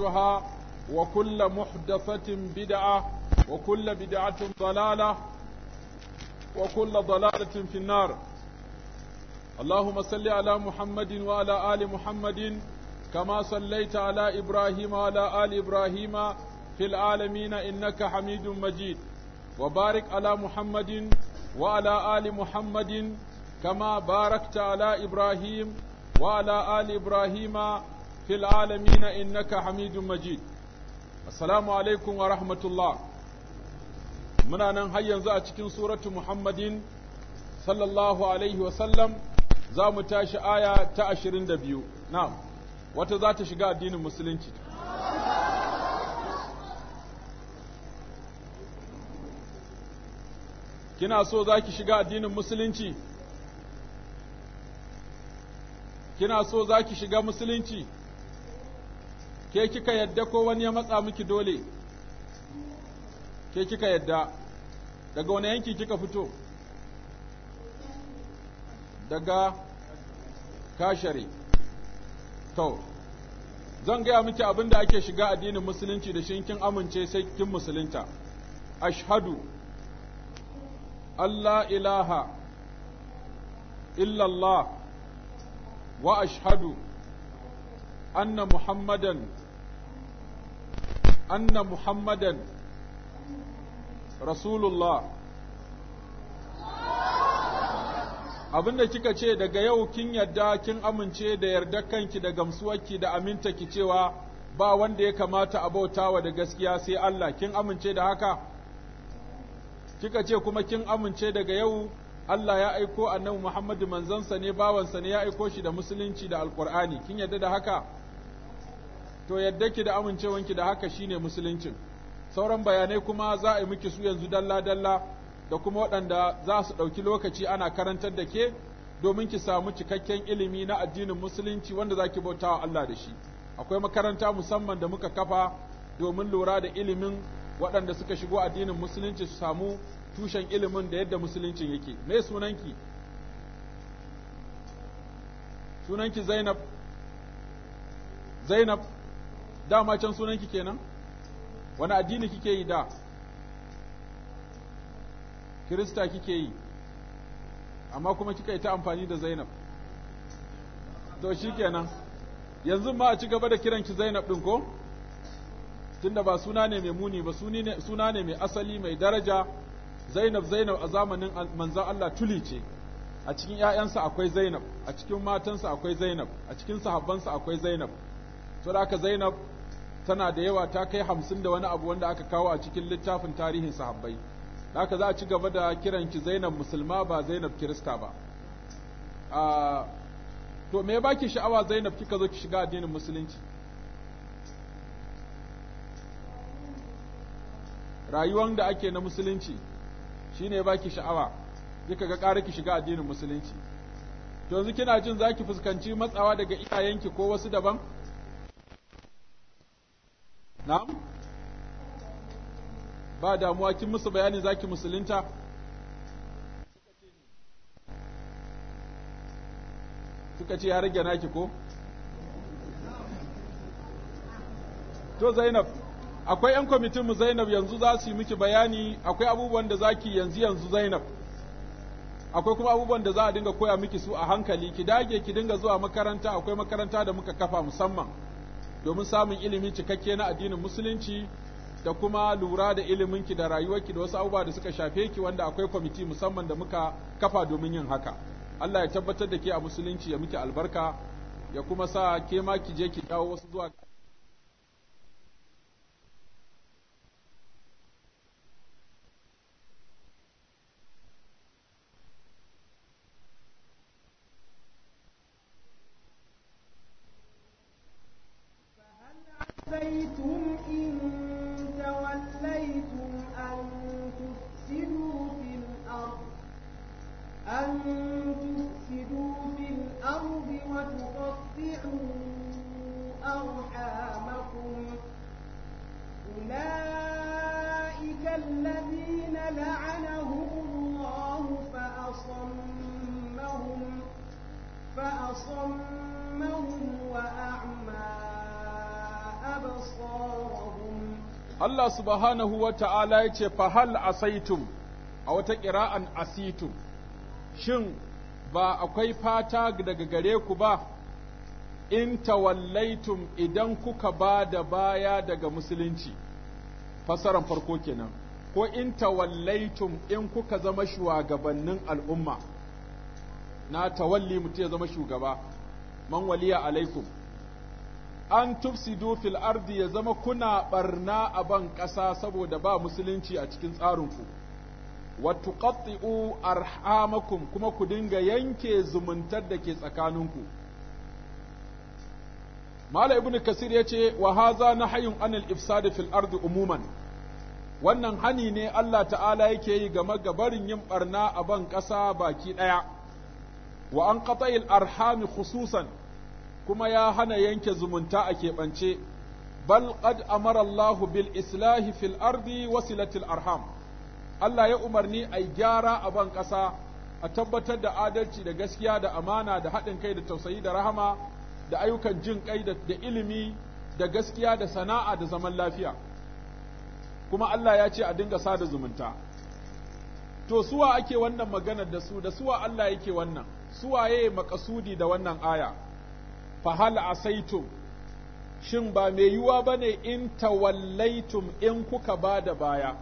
محدثاتها وكل محدثة بدعة وكل بدعة ضلالة وكل ضلالة في النار اللهم صل على محمد وعلى آل محمد كما صليت على إبراهيم وعلى آل إبراهيم في العالمين إنك حميد مجيد وبارك على محمد وعلى آل محمد كما باركت على إبراهيم وعلى آل إبراهيم في العالمين إنك حميد مجيد السلام عليكم ورحمة الله من أن هيا زأتكين سورة محمد صلى الله عليه وسلم زام تاش آية تأشرين دبيو نعم وتزات شقاء دين المسلمين kina so za ki shiga addinin musulunci kina so za ki shiga musulunci ke kika yadda ko wani ya matsa miki dole ke kika yadda daga wani yanki kika fito daga kashare to zan gaya miki abin da ake shiga addinin musulunci da shi kin amince sai kin musulunta ashhadu Allah ilaha illallah wa ashhadu anna muhammadan رسول muhammadan rasulullah abinda kika ce daga yau kin yarda kin amince da yarda kanki da gamsuwarki da aminta ki cewa ba wanda ya kamata a bautawa da gaskiya sai Allah kin amince da haka kika ce kuma kin amince daga yau Allah ya aiko annabi Muhammadu manzansa ne bawansa ne ya aiko shi da musulunci da alkur'ani kin yarda da haka to yadda ki da ki da haka shine musuluncin sauran bayanai kuma za a yi miki su yanzu dalla dalla da kuma waɗanda za su ɗauki lokaci ana karantar da ke domin ki samu cikakken ilimi na addinin musulunci wanda za ki bautawa Allah da shi akwai makaranta musamman da muka kafa domin lura da ilimin waɗanda suka shigo addinin musulunci su samu tushen ilimin da yadda musuluncin yake me sunanki sunanki Zainab Zainab dama can sunan kenan wani addini kike yi da kirista kike yi amma kuma kika yi ta amfani da zainab to shi kenan yanzu ma a ci gaba da kiranki zainab ɗin ko tunda ba suna ne mai muni ba suna ne mai asali mai daraja zainab zainab a zamanin manzan Allah tuli ce a cikin ‘ya'yansa akwai zainab a cikin matansa akwai zainab a cikin sahabbansa akwai zainab to da aka zainab tana da yawa ta kai hamsin da wani abu wanda aka kawo a cikin littafin tarihin sahabbai haka za a ci gaba da kiran ki zainab musulma ba zainab kirista ba a to me baki sha'awa zainab kika zo ki shiga addinin musulunci rayuwan da ake na musulunci shi ba baki sha'awa kika ga ƙara ki shiga addinin musulunci to yanzu kina jin za ki fuskanci matsawa daga iyayenki ko wasu daban na'am ba damuwa kin musu bayani zaki musulunta suka ce ya rage naki ko to Zainab akwai yan kwamitin mu Zainab yanzu za su yi miki bayani akwai abubuwan da zaki yanzu yanzu Zainab akwai kuma abubuwan da za a dinga koya miki su a hankali ki dage ki dinga zuwa makaranta akwai makaranta da muka kafa musamman domin samun ilimi cikakke na addinin musulunci da kuma lura da iliminki da rayuwarki da wasu abubuwa da suka shafe ki wanda akwai kwamiti musamman da muka kafa domin yin haka Allah ya tabbatar da ke a musulunci ya miki albarka ya kuma sa ke ma ki je ki dawo wasu zuwa Allah subhanahu wa ta'ala ya ce, Fahal asaitum a wata ƙira'an asitum, shin ba akwai fata daga gare ku ba, in tawallaitum idan kuka ba da baya daga musulunci, fasaran farko kenan, ko in tawallaitum in kuka zama shugabannin al'umma, na tawalli mutum ya zama shugaba, man waliya alaikum. an tufsidu fil ardi ya zama kuna barna a ban ƙasa saboda ba musulunci a cikin tsarinku wa tuqatti'u arhamakum kuma ku dinga yanke zumuntar da ke tsakaninku Mala ibn Kasir yace wa haza hayin anil ifsad fil ardi umuman wannan hani ne Allah ta'ala yake yi game ga barin yin barna a ban ƙasa baki ɗaya wa an qata'il arhami khususan kuma ya hana yanke zumunta a keɓance bal qad amara Allahu bil islahi fil ardi wasilatil arham Allah ya umarni a gyara a ban ƙasa a tabbatar da adalci da gaskiya da amana da haɗin kai da tausayi da rahama da ayyukan jin kai da ilimi da gaskiya da sana'a da zaman lafiya kuma Allah ya ce a dinga sada zumunta to suwa ake wannan maganar da su da suwa Allah yake wannan suwaye makasudi da wannan aya fahal asaitum shin ba mai yiwuwa ba ne in tawallaitum in kuka ba da baya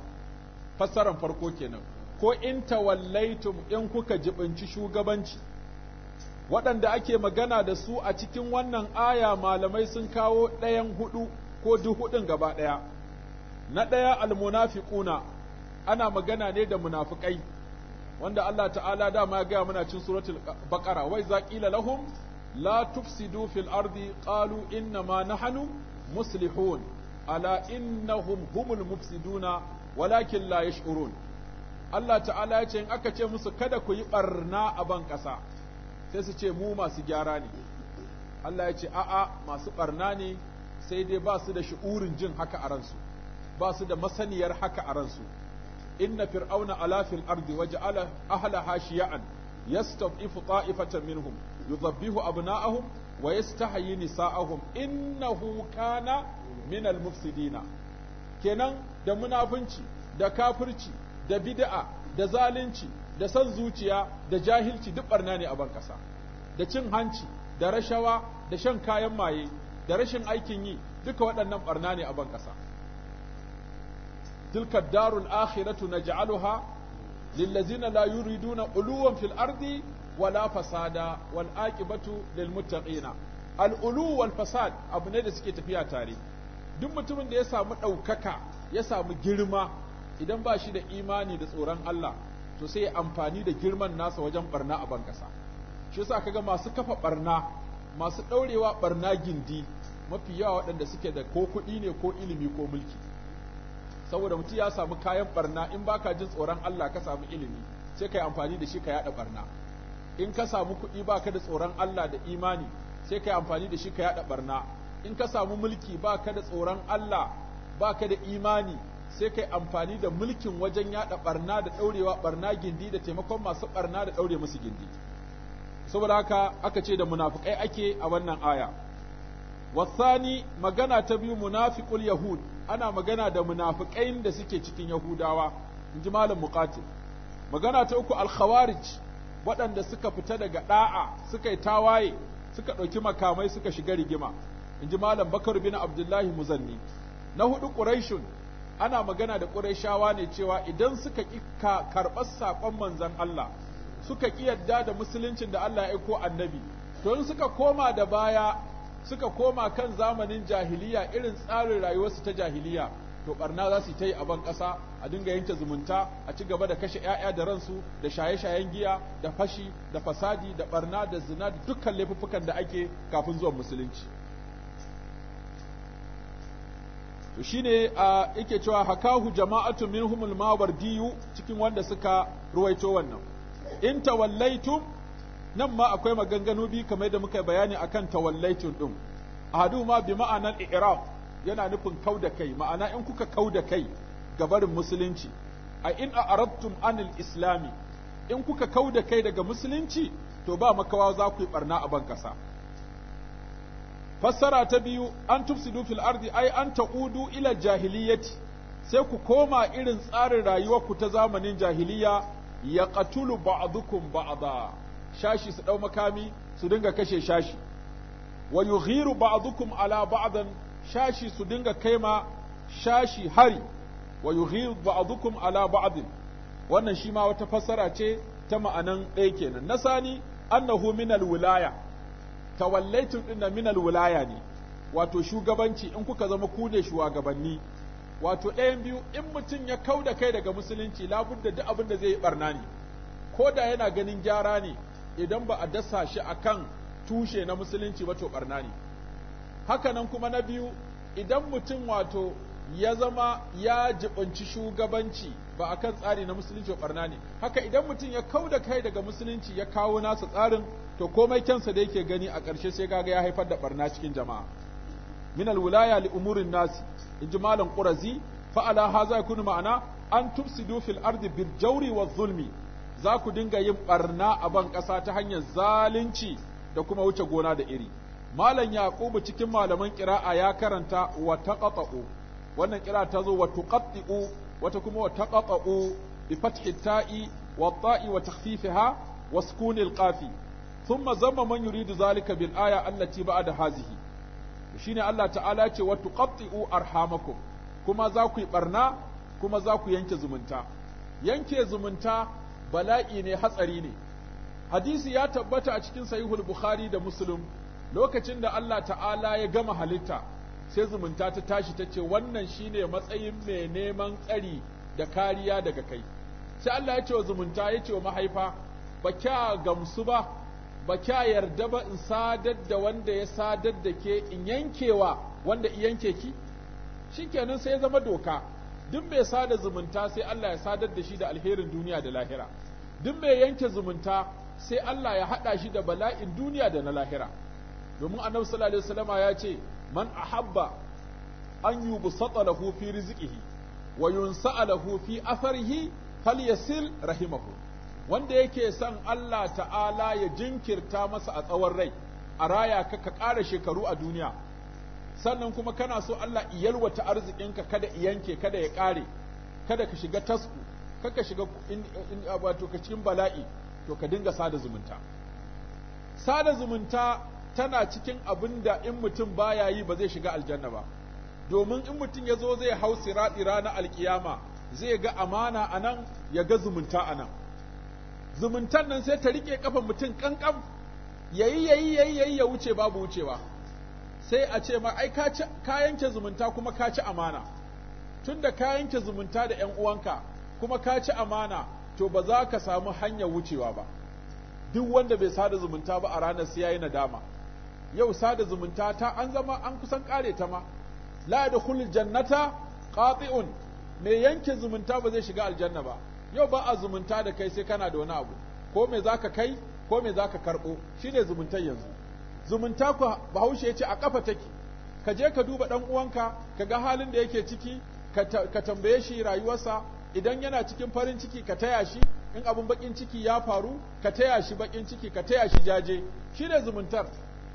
fassaran farko kenan ko in tawallaitum in kuka jibinci shugabanci waɗanda ake magana da su a cikin wannan aya malamai sun kawo ɗayan hudu ko duk hudun gaba ɗaya na ɗaya almunafiquna ana magana ne da munafikai wanda Allah ta'ala dama ya gaya muna cin suratul baqara wai zaƙi qila lahum la tufsidu fil ardi qalu inna ma nahnu muslihun ala innahum humul mufsiduna walakin la yash'urun Allah ta'ala ya ce in aka ce musu kada ku yi ɓarna a ban ƙasa sai su ce mu masu gyara ne Allah ya ce a'a masu ɓarna ne sai dai ba su da shi'urin jin haka a ransu ba su da masaniyar haka a ransu inna fir'auna ala fil ardi waja'ala ahlaha shiya'an ifu ta'ifatan minhum yuzabbihu abna'ahum wa yastahyi nisa'ahum innahu kana hukana minal mufsidina kenan da munafunci da kafirci da bida'a, da zalunci da san zuciya da jahilci duk barna a ban kasa da cin hanci da rashawa da shan kayan maye da rashin aikin yi duka waɗannan barna ne a ban kasa na darul akhiratu naj'aluha lillazina la yuriduna uluwan fil ardi wala fasada wal aqibatu lil muttaqina al wal fasad abu ne da suke tafiya tare duk mutumin da ya samu ɗaukaka ya samu girma idan ba shi da imani da tsoron Allah to sai ya amfani da girman nasa wajen ɓarna a ban ƙasa shi yasa ga masu kafa ɓarna, masu ɗaurewa ɓarna gindi mafi yawa waɗanda suke da ko kuɗi ne ko ilimi ko mulki saboda mutum ya samu kayan ɓarna, in baka jin tsoron Allah ka samu ilimi sai ka yi amfani da shi ka yaɗa ɓarna. in ka samu kuɗi ba ka da tsoron Allah da imani sai ka yi amfani da shi ka yaɗa ɓarna. in ka samu mulki ba ka da tsoron Allah ba ka da imani sai ka yi amfani da mulkin wajen yaɗa ɓarna da ɗaurewa barna gindi da taimakon masu ɓarna da ɗaure musu gindi saboda haka aka ce da munafukai ake a wannan aya wasani magana ta biyu munafiqul yahud ana magana da munafukai da suke cikin yahudawa inji malam muqatil magana ta uku al khawarij waɗanda suka fita daga ɗa'a suka yi tawaye suka ɗauki makamai suka shiga rigima in ji malam bakar bin abdullahi muzanni na hudu ƙuraishun ana magana da ƙuraishawa ne cewa idan suka ƙi karɓar saƙon manzan Allah suka ƙi yadda da musuluncin da Allah ya aiko annabi to in suka koma da baya suka koma kan zamanin jahiliya irin tsarin rayuwarsu ta jahiliya to barna za su ta yi a ban ƙasa a dinga yanke zumunta a ci gaba da kashe 'ya'ya da ransu da shaye-shayen giya da fashi da fasadi da barna da zina da dukkan laifuffukan da ake kafin zuwan musulunci to shine a yake cewa hakahu jama'atu al-mawar Diyu, cikin wanda suka ruwaito wannan in tawallaitum nan ma akwai maganganu bi kamar da muka bayani akan tawallaitum din ahadu ma bi ma'anan i'rab yana nufin kau da kai ma'ana in kuka kau da kai ga barin musulunci a in a arabtum anil islami in kuka kau da kai daga musulunci to ba makawa za ku yi barna a ban kasa fassara ta biyu an tufsidu fil ardi ai an taudu ila jahiliyyati sai ku koma irin tsarin rayuwar ku ta zamanin jahiliya ya qatulu ba'dukum ba'da shashi su dau makami su dinga kashe shashi wa yughiru ba'dukum ala ba'dan shashi su dinga kaima shashi hari wa yughir ba'dukum ala ba'd wannan shi ma wata fassara ce ta ma'anan ɗaya kenan na Sani annahu minal wilaya tawallaitu na minal wilaya ne wato shugabanci in kuka zama ku ne shugabanni wato ɗayan biyu in mutum ya kau da kai daga musulunci labudda duk abin da zai yi barna ne ko da yana ganin gyara ne idan ba a dasa shi akan tushe na musulunci ba to barna ne haka nan kuma na biyu idan mutum wato ya zama ya jibanci shugabanci ba a kan tsari na musulunci barna ne haka idan mutum ya kau da kai daga musulunci ya kawo nasa tsarin to komai kyansa da yake gani a ƙarshe sai gaga ya haifar da barna cikin jama'a min alwulaya li umurin nasi inji malam qurazi fa ala haza yakunu ma'ana an tufsidu fil ardi bil jawri wa zulmi za ku dinga yin barna a ban ƙasa ta hanyar zalunci da kuma wuce gona da iri malam yaƙubu cikin malaman ƙira'a ya karanta wa taqatu wannan qira'a ta zo wa tuqattu wata kuma wa taqatu bi fathi ta'i wa ta'i wa takhfifiha wa sukuni alqafi thumma zamma man yuridu zalika bil aya allati ba'da hazihi shine Allah ta'ala ce wa tuqattu arhamakum kuma za ku yi barna kuma za ku yanke zumunta yanke zumunta bala'i ne hatsari ne hadisi ya tabbata a cikin sahihul bukhari da muslim lokacin da Allah ta'ala ya gama halitta sai zumunta ta tashi ta ce wannan shine matsayin mai neman tsari da kariya daga kai sai Allah ya ce wa zumunta ya ce wa mahaifa ba kya gamsu ba ba kya yarda ba in sadar da wanda ya sadar da ke in yankewa wanda in yanke ki shikenan sai ya zama doka duk mai sada zumunta sai Allah ya sadar da shi da alherin duniya da lahira duk mai yanke zumunta sai Allah ya hada shi da bala'in duniya da na lahira domin annabi sallallahu alaihi wasallama ya ce man ahabba an yubsata lahu fi rizqihi wa yunsa lahu fi atharihi falyasil rahimahu wanda yake son Allah ta'ala ya jinkirta masa a tsawon rai a raya ka ka ƙara shekaru a duniya sannan kuma kana so Allah iyalwata arzikinka kada iyanke kada ya ƙare kada ka shiga tasku kada ka shiga wato ka cikin bala'i to ka dinga sada zumunta sada zumunta tana cikin abin da in mutum baya yi ba zai shiga aljanna ba domin in mutum ya zo zai hau siraɗi ranar alkiyama zai ga amana a nan ya ga zumunta a nan zumuntan nan sai ta riƙe ƙafa mutum ƙanƙan yayi yayi yayi yayi ya wuce babu wucewa sai a ce ma ai ka yanke zumunta kuma ka ci amana tunda ka yanke zumunta da ƴan uwanka kuma ka ci amana to ba za ka samu hanyar wucewa ba duk wanda bai sada zumunta ba a ranar sai yayi nadama yau sada zumunta ta an zama an kusan kare ta ma la yadkhulul jannata qati'un me yanke zumunta ba zai shiga aljanna ba yau ba a zumunta da kai sai kana da wani abu ko me zaka kai ko me zaka karbo shine zumuntar yanzu zumunta ku bahaushe ya ce a kafa take ka je ka duba dan uwanka ka ga halin da yake ciki ka tambaye shi rayuwarsa idan yana cikin farin ciki ka taya shi in abun bakin ciki ya faru ka taya shi bakin ciki ka taya shi jaje shine zumuntar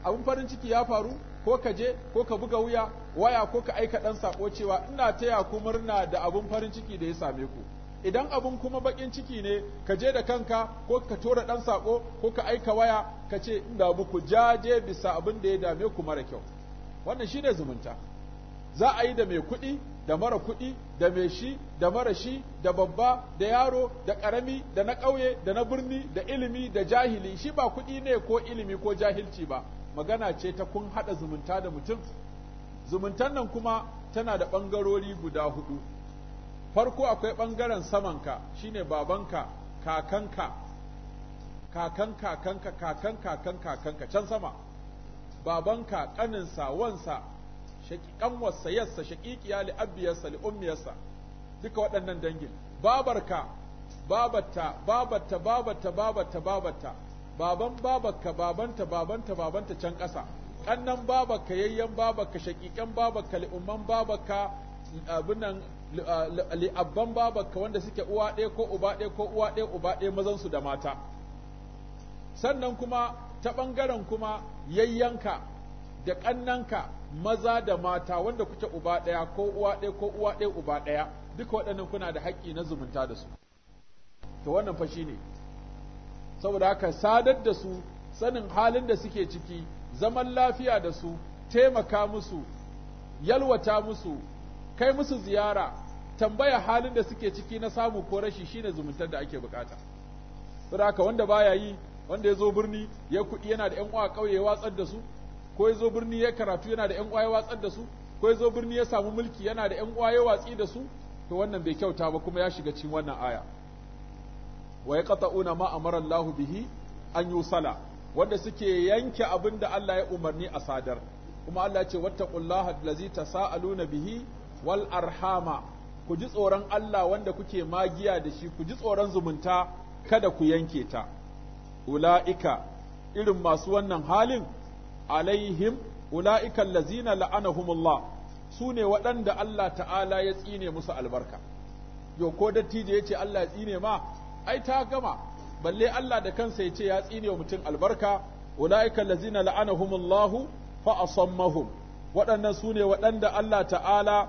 abin farin ciki ya faru ko ka je ko ka buga wuya waya ko ka aika ɗan sako cewa ina taya ku murna da abin farin ciki da ya same ku idan abin kuma bakin ciki ne ka je da kanka ko ka tora ɗan sako ko ka aika waya ka ce inda muku jaje bisa abin da ya dame ku mara kyau wannan shine zumunta za a yi da mai kuɗi da mara kuɗi da mai shi da mara shi da babba da yaro da ƙarami da na ƙauye da na birni da ilimi da jahili shi ba kuɗi ne ko ilimi ko jahilci ba magana ce ta kun haɗa zumunta da mutum zumuntan nan kuma tana da ɓangarori guda hudu farko akwai ɓangaren samanka shine babanka kakanka kakan kakanka kakan kakan kakanka can sama babanka ƙaninsa wansa ƙanwarsa yassa shaƙiƙiya li'abbiyarsa li'ummiyarsa duka waɗannan dangin babarka babarta, babarta, babarta, babarta. babarta baban babakka babanta babanta babanta can ƙasa ƙannan babakka yayyan babakka shaƙiƙan babakka li'umman babakka abinan li'abban babakka wanda suke uwa ɗaya ko uba ɗaya ko uwa ɗaya uba ɗaya su da mata sannan kuma ta ɓangaren kuma yayyanka da ƙannanka maza da mata wanda kuke uba ɗaya ko uwa ɗaya ko uwa ɗaya uba ɗaya duka waɗannan kuna da haƙƙi na zumunta da su to wannan fa shine saboda haka sadar da su sanin halin da suke ciki zaman lafiya da su taimaka musu yalwata musu kai musu ziyara tambaya halin da suke ciki na samu ko rashi shine zumuntar da ake bukata saboda haka wanda baya yi wanda ya zo birni ya kudi yana da 'yan uwa kauye ya watsar da su ko ya zo birni ya karatu yana da 'yan uwa ya watsar da su ko ya zo birni ya samu mulki yana da 'yan uwa ya watsi da su to wannan bai kyauta ba kuma ya shiga cikin wannan aya wa yaqta'una ma amara Allahu bihi an yusala wanda suke yanke abin da Allah ya umarni a sadar kuma Allah ya ce wattaqullaha allazi tasaaluna bihi wal arhama ku ji tsoron Allah wanda kuke magiya da shi ku ji tsoron zumunta kada ku yanke ta ula'ika irin masu wannan halin alaihim ula'ika allazina la'anahumullah su ne waɗanda Allah ta'ala ya tsine musu albarka yau ko dattijo ya ce Allah ya tsine ma ai ta gama balle Allah da kansa ya ce ya tsine wa mutum albarka ulaika allazina la'anahumullahu fa asammahum waɗannan su ne waɗanda Allah ta'ala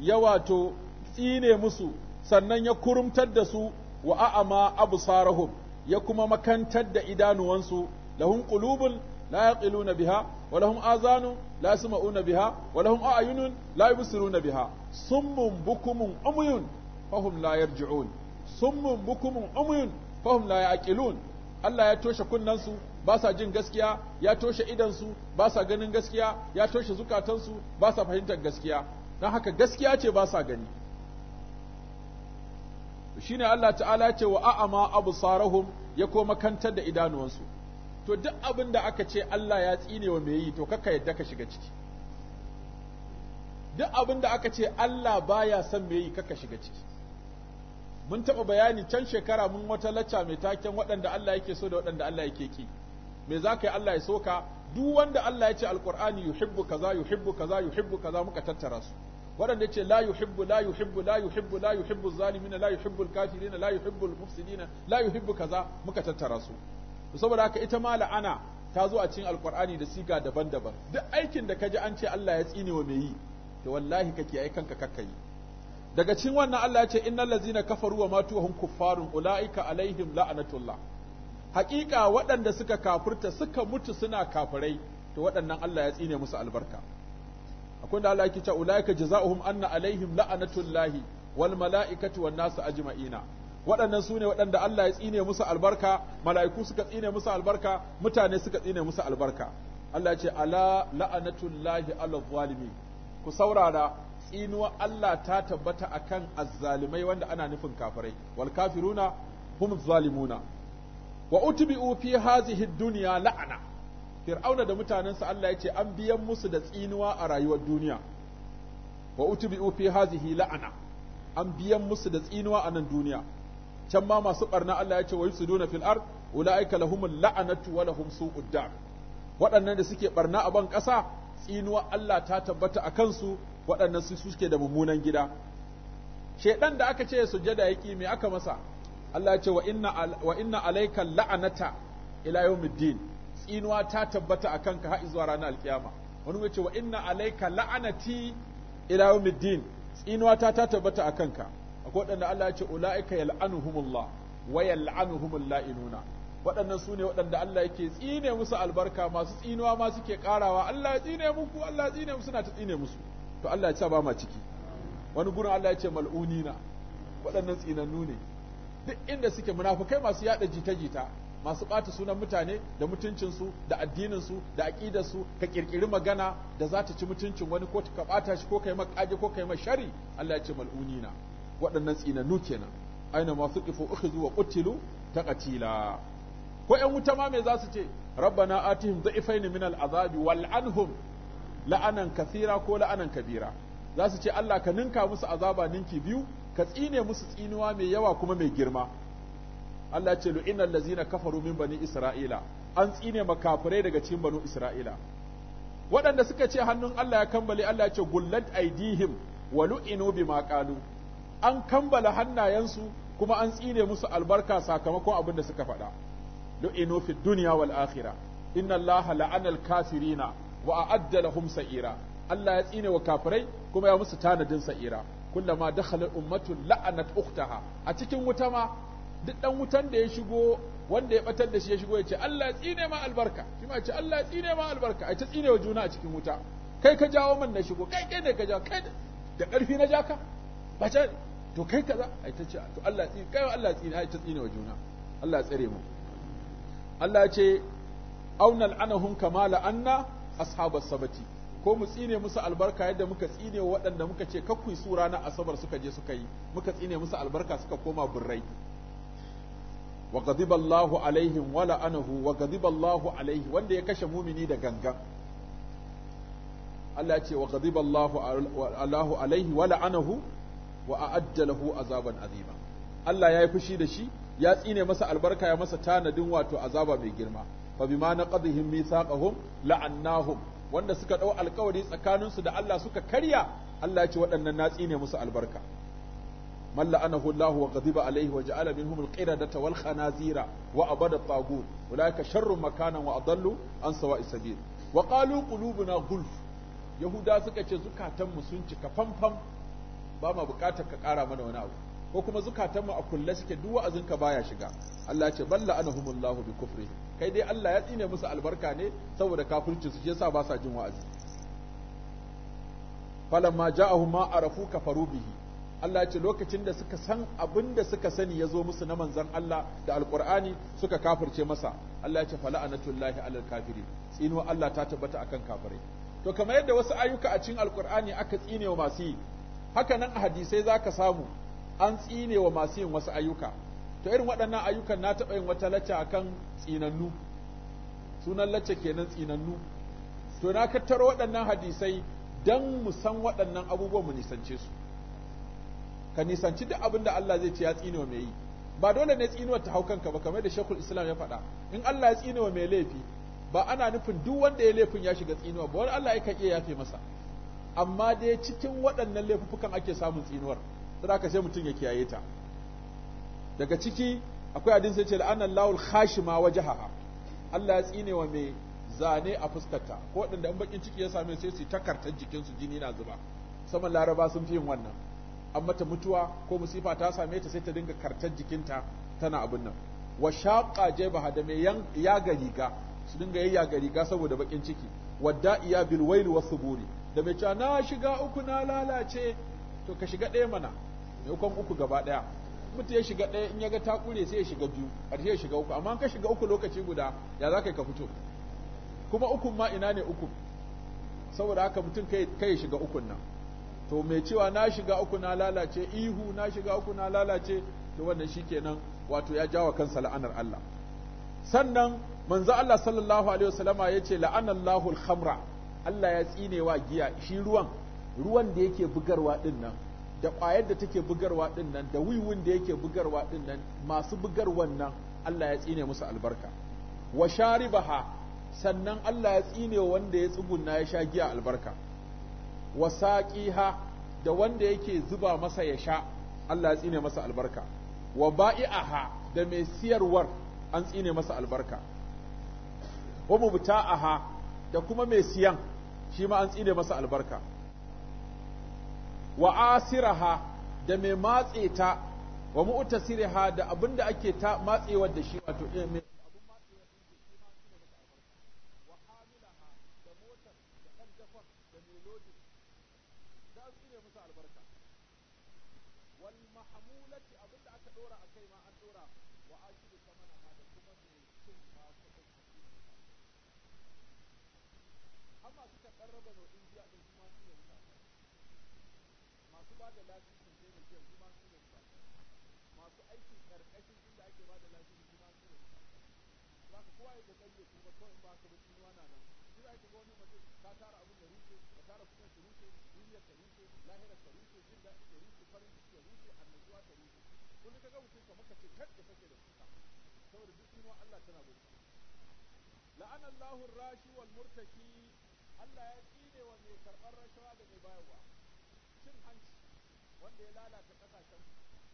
ya wato tsine musu sannan ya kurumtar da su wa a'ama absarahum ya kuma makantar da idanuwansu lahum qulubun la yaqiluna biha wa lahum azanun la yasma'una biha wa lahum a'yunun la yubsiruna biha summun bukumun umyun fahum yarji'un summun bukumun umyun fahum la yaqilun Allah ya toshe kunnansu ba sa jin gaskiya ya toshe idansu ba sa ganin gaskiya ya toshe zukatansu ba sa fahimtar gaskiya don haka gaskiya ce ba sa gani shine Allah ta'ala ce wa a'ama absarahum ya koma kantar da idanuwansu to duk abin da aka ce Allah ya tsine wa mai yi to kaka yadda ka shiga ciki duk abin da aka ce Allah baya son mai yi kaka shiga ciki mun taɓa bayani can shekara mun wata lacca mai taken waɗanda Allah yake so da waɗanda Allah yake ki me za ka yi Allah ya soka duk wanda Allah ya ce alqur'ani yuhibbu kaza yuhibbu kaza yuhibbu kaza muka tattara su waɗanda ya ce la yuhibbu la yuhibbu la yuhibbu la yuhibbu zalimina la yuhibbu alkafirina la yuhibbu almufsidina la yuhibbu kaza muka tattara su saboda haka ita ma la'ana ta zo a cikin Alƙur'ani da siga daban-daban duk aikin da ka kaji an ce Allah ya tsine wa mai yi to wallahi ka kiyaye kanka kakkayi daga cikin wannan Allah ya ce innal ladzina kafaru wa matu hum kuffarun ulaika alaihim la'anatullah haƙiƙa waɗanda suka kafirta suka mutu suna kafirai to waɗannan Allah ya tsine musu albarka akwai da Allah yake cewa ulaika jazaohum anna alaihim la'anatullahi wal mala'ikatu wan nasu ajma'ina waɗannan sune waɗanda Allah ya tsine musu albarka mala'iku suka tsine musu albarka mutane suka tsine musu albarka Allah ya ce ala la'anatullahi ala zalimi ku saurara tsinuwa Allah ta tabbata akan azzalimai wanda ana nufin kafirai wal kafiruna hum zalimuna wa utbi'u fi hazihi dunya la'ana fir'auna da mutanensa Allah yace an biyan musu da tsinuwa a rayuwar duniya wa utbi'u fi hazihi la'ana an biyan musu da tsinuwa a nan duniya can ma masu barna Allah yace wa yusuduna fil ard ulaika lahumul la'anatu wa lahum su'ud waɗannan da suke barna a ban ƙasa tsinuwa Allah ta tabbata a kansu waɗannan su suke da mummunan gida shaidan da aka ce sujjada ƙi me aka masa Allah ya ce wa inna wa la'anata ila yawmiddin tsinuwa ta tabbata akan ka har zuwa ranar alkiyama wani mai ce wa inna alaika la'anati ila yawmiddin tsinuwa ta ta tabbata akan ka akwai waɗanda Allah ya ce ulaika yal'anuhumullah wa yal'anuhumul inuna. waɗannan su ne waɗanda Allah yake tsine musu albarka masu tsinuwa ma suke ƙarawa Allah ya tsine muku Allah ya tsine musu suna ta tsine musu to Allah ya ce ba ma ciki wani gurin Allah ya ce na. waɗannan tsinannu ne duk inda suke munafukai masu yaɗa jita-jita masu ɓata sunan mutane da mutuncinsu da addininsu da aƙidarsu ka ƙirƙiri magana da za ta ci mutuncin wani ko ka ɓata shi ko yi maƙage ko kai shari Allah ya ce na. waɗannan tsinannu kenan aina masu ƙifo uku zuwa ƙutilu ta ƙatila ko ‘yan wuta ma me za su ce rabbana atihim da'ifaini min al'azabi wal'anhum la'anan kasira ko la'anan kabira za su ce Allah ka ninka musu azaba ninki biyu ka tsine musu tsinuwa mai yawa kuma mai girma Allah ce lu'inal lazina kafaru min bani isra'ila an tsine makafirai daga cikin banu isra'ila waɗanda suka ce hannun Allah ya kambale Allah ya ce gullat aidihim wa lu'inu bima qalu an kambala hannayensu kuma an tsine musu albarka sakamakon abin da suka faɗa lu'inu fid dunya wal akhirah inna Allah la'anal kafirina wa a'adda lahum sa'ira Allah ya tsine wa kafirai kuma ya musu tanadin sa'ira kullama dakhala ummatu la'anat ukhtaha a cikin wuta ma duk dan wutan da ya shigo wanda ya batar da shi ya shigo ya ce Allah ya tsine ma albarka shi ma ce Allah ya tsine ma albarka ai ta tsine wa juna a cikin wuta kai ka jawo man na shigo kai kai ne ka jawo kai da ƙarfi na jaka ba ta to kai kaza ai ta ce to Allah tsine kai Allah tsine ai ta tsine wa juna Allah ya tsare mu Allah ya ce aunal anahum kama la'anna ashabar sabati ko mu tsine musu albarka yadda muka tsine waɗanda muka ce kakkui su na asabar suka je suka yi muka tsine musu albarka suka koma burrai wa ghadiba Allahu alaihim wa la'anahu wa ghadiba Allahu alaihi wanda ya kashe mumini da gangan Allah ya ce wa ghadiba Allahu alaihi wa la'anahu wa a'adda lahu azaban azima Allah ya yi fushi da shi ya tsine masa albarka ya masa tanadin wato azaba mai girma fa bima naqadhihim mithaqahum la'annahum wanda suka dau alkawari tsakaninsu da Allah suka karya Allah ya ce waɗannan natsi ne musu albarka من لعنه الله وغضب عليه وجعل منهم القردة والخنازير وأبد الطاغوت أولئك شر مكانا an عن سواء السبيل وقالوا قلوبنا غلف Yahuda suka ce zukatanmu sun cika famfam ba ma bukatar ka kara mana wani abu ko kuma zukatanmu a kulle suke duk wa'azinka baya shiga Allah ya ce balla anahumullahu bi kufrihim kai dai Allah ya tsine musu albarka ne saboda kafircin su yasa ba sa jin wa'azi falamma ja'ahum ma arafu kafaru bihi Allah ya ce lokacin da suka san abin da suka sani ya zo musu na manzan Allah da alkur'ani suka kafirce masa Allah ya ce fala'anatullahi alal kafirin tsino Allah ta tabbata akan kafirai to kamar yadda wasu ayyuka a cikin alkur'ani aka tsine wa masu yi haka nan a hadisai zaka samu an tsine wa masu yin wasu ayyuka to irin waɗannan ayyukan na taɓa yin wata lacca a kan tsinannu sunan lacca kenan tsinannu to na kattaro waɗannan hadisai don mu san waɗannan abubuwan mu nisance su ka nisanci duk abin da Allah zai ce ya tsinewa mai yi ba dole ne tsinewa ta hau kanka ba kamar da shekul islam ya faɗa in Allah ya tsinewa mai laifi ba ana nufin duk wanda ya laifin ya shiga tsinewa ba wani Allah ya kan iya yafe masa amma dai cikin waɗannan laifukan ake samun tsinuwar saboda sai mutum ya kiyaye ta daga ciki akwai hadisi sai ce la'ana lawul khashima wajhaha Allah ya tsine wa mai zane a fuskarta ko wadanda in bakin ciki ya same sai su takartar jikin su jini na zuba saman laraba sun fi yin wannan an mata mutuwa ko musifa ta same ta sai ta dinga kartar jikinta tana abin nan wa shaqa jaybaha da mai gari riga su dinga yayya gari riga saboda bakin ciki iya bil wail wa suburi da mai cewa na shiga uku na lalace to ka shiga ɗaya mana mai uku gaba ɗaya mutu ya shiga ɗaya in ya ga ta ƙure sai ya shiga biyu ƙarshe ya shiga uku amma ka shiga uku lokaci guda ya za ka fito kuma uku ma ina ne uku saboda haka mutum kai ya shiga ukun nan to mai cewa na shiga uku na lalace ihu na shiga uku na lalace to wannan shi kenan wato ya jawa kansa la'anar Allah sannan manzo Allah sallallahu alaihi wasallama yace la'anallahu al Allah ya tsinewa giya shi ruwan ruwan da yake bugarwa dinnan. da ƙwayar da take bugarwa ɗin nan da wiwin da yake bugarwa ɗin nan masu bugarwan nan Allah ya tsine musu albarka wa sharibaha sannan Allah ya tsine wanda ya tsugunna ya sha giya albarka wa saqiha da wanda yake zuba masa ya sha Allah ya tsine masa albarka wa ba'i ba'i'aha da mai siyarwar an tsine masa albarka wa mubta'aha da kuma mai siyan shi ma an tsine masa albarka wa asiraha da mai matse ta wa mu'tasiriha da abinda ake ta matsewar da shi wato eh, lasisin taimakon kuma su ne masu aiki karkashin inda ake ba da lasisin kuma su ne za ka kowa ya ya kawai ba ka wana nan duk ga wani mutum ka tara abin da rufe ka tara su rufe duniyar ta rufe ta rufe jin daɗi ta rufe farin ciki ya rufe ta rufe kun ka ga mutum kamar ka ce kar ka sake da kuka saboda duk inuwa Allah tana gudu la'ana Allahu rashi wal Allah ya tsine wa mai karɓar rashawa da mai bayarwa cin hanci wanda ya lalata kasashen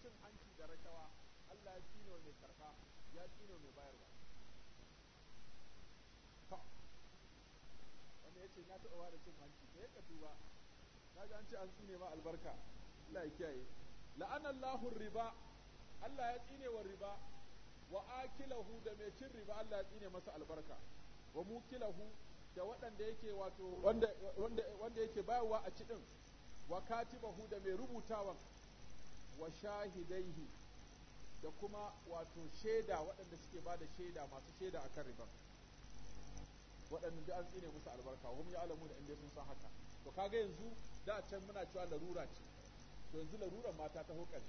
cin hanci da rashawa Allah ya tsino mai karba ya tsino mai bayarwa to wanda ce na taɓa da cin hanci da ya duba ji an ce an tsine ma albarka Allah ya kiyaye la'anan lahun riba Allah ya tsine wa riba wa akilahu da mai cin riba Allah ya tsine masa albarka wa mukilahu da waɗanda yake wato wanda wanda yake bayarwa a ci din wa katibahu da mai rubutawan wa shahidaihi da kuma wato shaida waɗanda suke ba da shaida masu shaida a kan ribar waɗanda da an tsine musu albarka hum ya alamu da inda sun san haka to kaga yanzu da can muna cewa larura ce to yanzu larurar mata ta hukar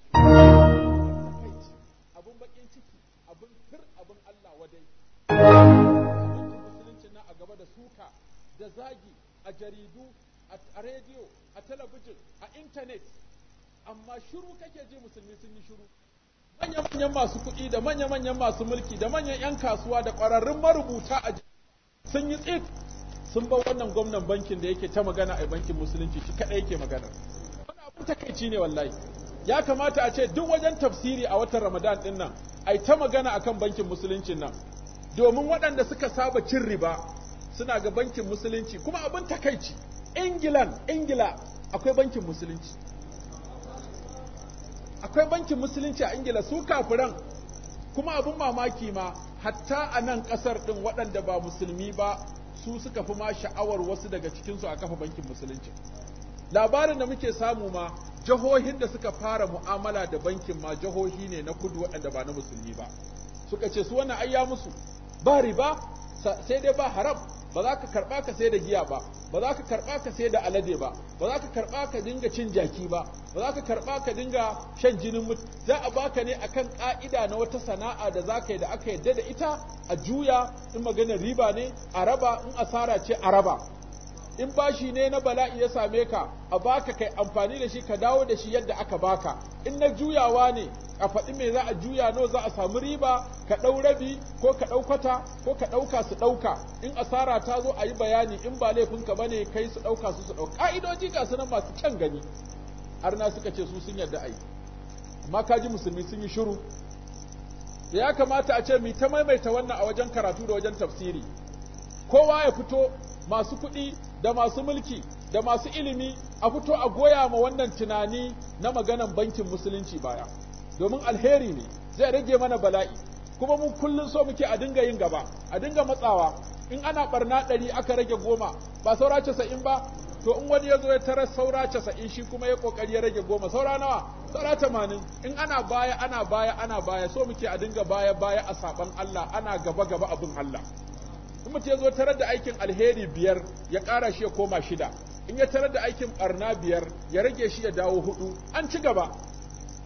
abin bakin ciki abin fir abin Allah wadai musulunci na a gaba da suka da zagi a jaridu a rediyo a talabijin a intanet amma shiru kake ji musulmi sun yi shiru manya-manyan masu kuɗi da manya-manyan masu mulki da manyan 'yan kasuwa da ƙwararrun marubuta a sun yi tsit sun bar wannan gwamnan bankin da yake ta magana a bankin musulunci shi kaɗai yake magana wani abun takaici ne wallahi ya kamata a ce duk wajen tafsiri a watan ramadan ɗin nan a ta magana akan bankin musulunci nan domin waɗanda suka saba cin riba suna ga bankin musulunci kuma abun takaici Ingilan, ingila akwai bankin musulunci akwai bankin musulunci a ingila su kafiran kuma abin mamaki ma hatta a nan kasar din waɗanda ba musulmi ba su suka fi ma sha'awar wasu daga cikinsu a kafa bankin musulunci labarin da muke samu ma jihohin da suka fara mu'amala da bankin ma jihohi ne na kudu waɗanda ba na musulmi ba suka ce su wannan ayya musu ba riba sai dai ba haram ba za ka karɓa ka sai da giya ba ba za ka karɓa ka sai da alade ba ba za ka karɓa ka dinga cin jaki ba ba za ka karɓa ka dinga shan jinin mutu za a baka ne akan ƙa'ida na wata sana'a da za ka yi da aka yadda da ita a juya in magana riba ne a raba in asara ce a raba in bashi ne na bala'i ya same ka a baka kai amfani da shi ka dawo da shi yadda aka baka in na juyawa ne a faɗi me za a juya no za a samu riba ka ɗau rabi ko ka ɗaukata, ko ka ɗauka su ɗauka in asara ta zo a yi bayani in ba laifinka ba ne kai su ɗauka su su ɗauka ƙa'idoji ga su masu kyan gani na suka ce su sun yarda a yi amma ka ji musulmi sun yi shiru da ya kamata a ce mu ta maimaita wannan a wajen karatu da wajen tafsiri kowa ya fito masu kuɗi da masu mulki da masu ilimi a fito a goya ma wannan tunani na maganan bankin musulunci baya domin alheri ne zai rage mana bala'i kuma mun kullun so muke a dinga yin gaba a dinga matsawa in ana barna ɗari aka rage goma ba saura casa'in ba to in wani ya zo ya tarar saura casa'in shi kuma ya ƙoƙari ya rage goma saura nawa saura tamanin in ana baya ana baya ana baya so muke a dinga baya baya a saɓan Allah ana gaba gaba abin Allah in mutum ya zo tarar da aikin alheri biyar ya ƙara shi ya koma shida in ya tarar da aikin barna biyar ya rage shi ya dawo hudu an ci gaba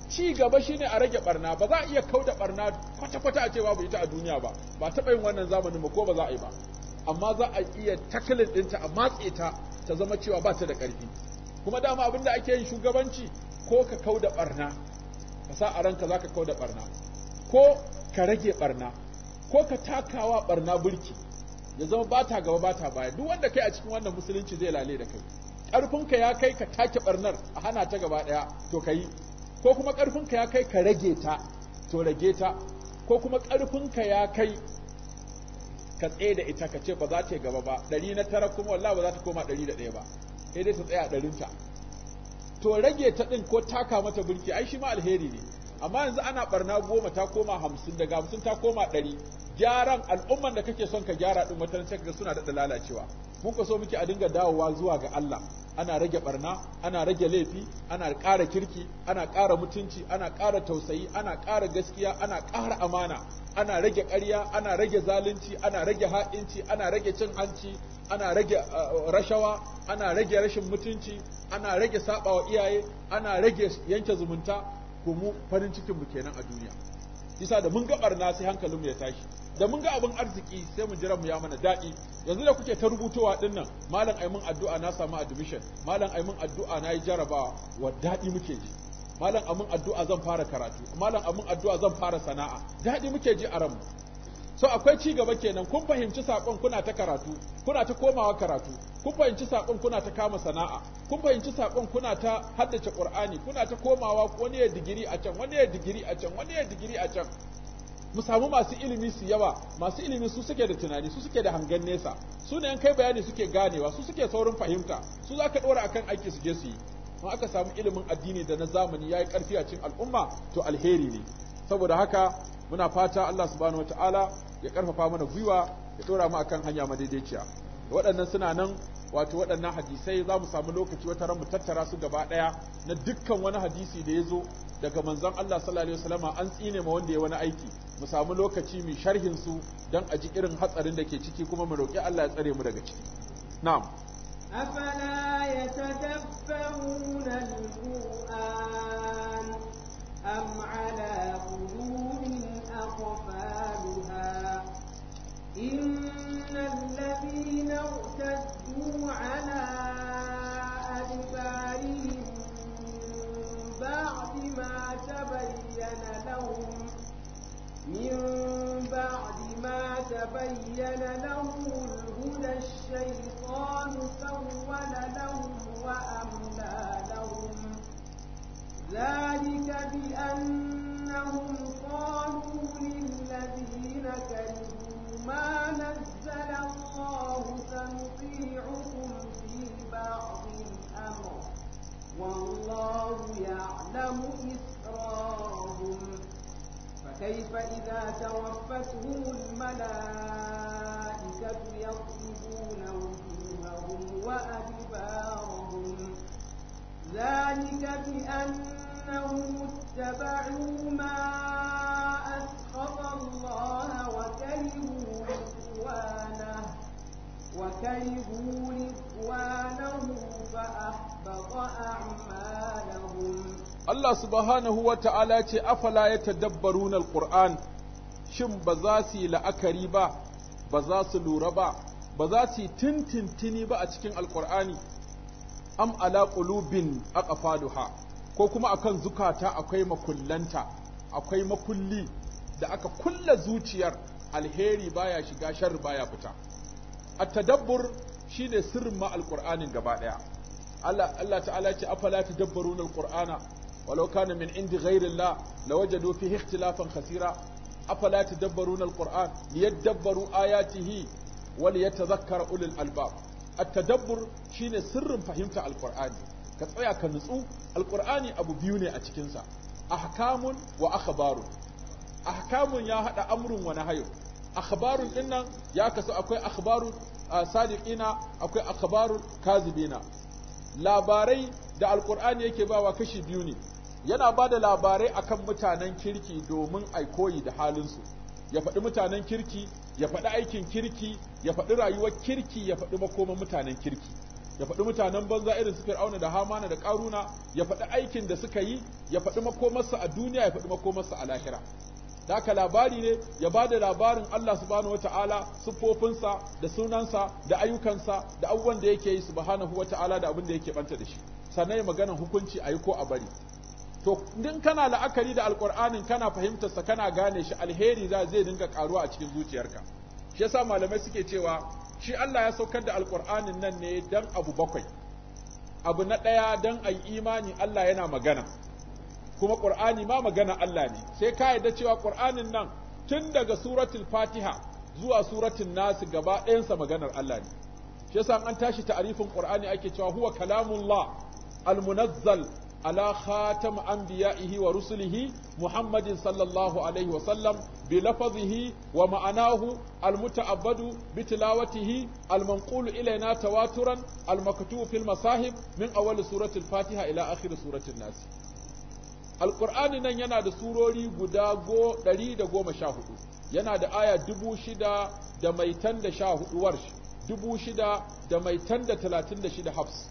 ci gaba shi ne a rage barna ba za a iya kau da barna kwata-kwata a ce babu ita a duniya ba ba taɓa yin wannan zamanin mu ko ba za a yi ba amma za a iya taklin ɗinta a matse ta ta zama cewa ba ta da ƙarfi kuma dama abin da ake yin shugabanci ko ka da barna ka sa a ranka za ka da barna ko ka rage barna ko ka takawa ɓarna burki ya zama ba ta gaba ba ta baya duk wanda kai a cikin wannan musulunci zai lale da kai ƙarfinka ya kai ka take barnar a hana ta gaba ɗaya to ka yi ko kuma ƙarfinka ya kai ka rage ta to rage ta ko kuma ƙarfinka ya kai ka tsaye da ita ka ce ba za ta gaba ba ɗari na tara kuma wallahi ba za ta koma ɗari da ɗaya ba sai dai ta tsaya ɗarinta to rage ta ɗin ko taka mata burki ai shi ma alheri ne amma yanzu ana ɓarna goma ta koma hamsin daga hamsin ta koma ɗari gyaran al'umman da kake son ka gyara din wata sai suna da lalacewa mun ka so muke a dinga dawowa zuwa ga Allah ana rage ɓarna, ana rage laifi ana ƙara kirki ana ƙara mutunci ana ƙara tausayi ana ƙara gaskiya ana ƙara amana ana rage ƙarya ana rage zalunci ana rage ha'inci ana rage cin hanci ana rage uh, rashawa ana rage rashin mutunci ana rage saɓawa iyaye ana rage yanke zumunta kuma farin cikin mu kenan a duniya Kisa da mun ga barna sai hankalinmu ya tashi da mun ga abin arziki sai mu jira mu ya mana daɗi yanzu da kuke ta rubutowa din nan malam ai mun addu'a na samu admission malam ai mun addu'a na yi jarabawa wa daɗi muke ji malam amin addu'a zan fara karatu malam amin addu'a zan fara sana'a daɗi muke ji a ranmu so akwai ci gaba kenan kun fahimci sakon kuna ta karatu kuna ta komawa karatu kun fahimci sakon kuna ta kama sana'a kun fahimci sakon kuna ta haddace qur'ani kuna ta komawa wani ya digiri a can wani ya digiri a can wani ya digiri a can mu samu masu ilimi su yawa masu ilimi su suke da tunani su suke da hangen nesa su ne an kai bayani suke ganewa su suke saurin fahimta su za ka ɗora akan aiki su je su yi in aka samu ilimin addini da na zamani ya yi ƙarfi a cikin al'umma to alheri ne saboda haka muna fata Allah subhanahu wataala ya karfafa mana gwiwa ya dora mu akan hanya madaidaiciya waɗannan suna nan wato waɗannan hadisai za mu samu lokaci wata ran mu tattara su gaba ɗaya na dukkan wani hadisi da ya zo daga manzon Allah sallallahu alaihi wasallama an tsine ma wanda ya wani aiki mu samu lokaci mu sharhin su dan a ji irin hatsarin da ke ciki kuma mu roki Allah ya tsare mu daga ciki na'am afala yatadabbaruna al-qur'an أم على قلوب أقفالها إن الذين ارتدوا على أدبارهم من بعد ما تبين لهم من بعد ما تبين لهم الهدى الشيطان سول لهم وأملى لهم ذلك بأنهم قالوا للذين كرهوا ما نزل الله سنطيعكم في بعض الأمر والله يعلم إسرارهم فكيف إذا توفتهم الملائكة يضربون وجوههم وأدبارهم ذلك بأنهم اتبعوا ما أسخط الله وكرهوا رضوانه وكرهوا رضوانه فأحبط أعمالهم Allah subhanahu wa ta'ala ce, Afala ya tadabbaruna al shin ba za su yi la'akari ba, ba za su lura ba, ba za su yi tintintini ba a cikin alkur'ani am ala qulubin aqfaluha ko kuma akan zukata akwai makullanta akwai makulli da aka kulla zuciyar alheri baya shiga sharri baya fita at-tadabbur shine sirrin ma alqur'anin gaba daya Allah Allah ta'ala ce afala tadabbaruna alqur'ana walau kana min indi ghairi Allah lawajadu fihi ikhtilafan khasira afala tadabbaruna alqur'an liyadabbaru ayatihi wa ulul albab at-tadabbur shine sirrin fahimta alqur'ani ka tsaya ka nutsu alqur'ani abu biyu ne a cikinsa. sa ahkamun wa akhbarun ahkamun ya haɗa amrun wani nahyun akhbarun ɗinnan ya kasu akwai akhbarun sadiqina akwai akhbarun kazibina labarai da alqur'ani yake bawa kashi biyu ne yana ba da labarai akan mutanen kirki domin ai koyi da halinsu ya faɗi mutanen kirki ya faɗi aikin kirki ya faɗi rayuwar kirki ya faɗi makoman mutanen kirki ya faɗi mutanen banza irin su fir'auna da hamana da karuna ya faɗi aikin da suka yi ya faɗi makomarsa a duniya ya faɗi makomarsa a lahira da aka labari ne ya ba da labarin Allah subhanahu wata'ala siffofinsa da sunansa da ayyukansa da abubuwan da yake yi subhanahu wata'ala da abin da yake banta da shi sannan ya maganan hukunci a yi ko a bari to din kana la'akari da alƙur'anin kana fahimtarsa kana gane shi alheri za zai dinga ƙaruwa a cikin zuciyarka shi yasa malamai suke cewa shi Allah ya saukar da alkur'anin nan ne dan abu bakwai abu na ɗaya dan ai imani Allah yana magana kuma ƙur'ani ma magana Allah ne sai ka yarda cewa qur'anin nan tun daga suratul fatiha zuwa suratul nasu gaba ɗayansa maganar Allah ne shi yasa an tashi ta'arifin ƙur'ani ake cewa huwa kalamullah almunazzal ala khatam anbiya'ihi wa rusulihi Muhammadin sallallahu alaihi wa sallam bi lafazihi wa ma'anahu almuta'abbadu bi tilawatihi almanqulu ilaina tawaturan almaktubu fil masahib min awwal surati al-Fatiha ila akhir surati an-Nas Alqur'ani nan yana da surori guda go 114 yana da aya 6000 da mai tan da 14 warsh 6000 da mai tan da 36 hafs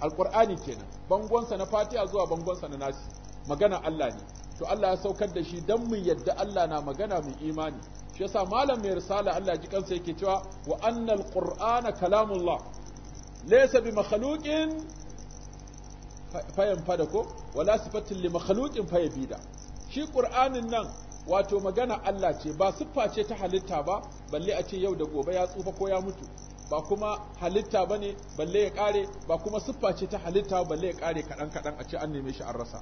alqur'ani kenan bangonsa na fatiha zuwa bangonsa na nasi magana Allah ne to Allah ya saukar da shi dan mun yadda Allah na magana mu imani shi yasa malam mai risala Allah ji kansa yake cewa wa annal qur'ana kalamullah laysa bi makhluqin fayan fada ko wala sifatin li makhluqin fayabida shi qur'anin nan wato magana Allah ce ba siffa ce ta halitta ba balle a ce yau da gobe ya tsufa ko ya mutu ba kuma halitta ba ne balle ya kare. ba kuma siffa ce ta halitta balle ya kare kaɗan kaɗan a ce an neme shi an rasa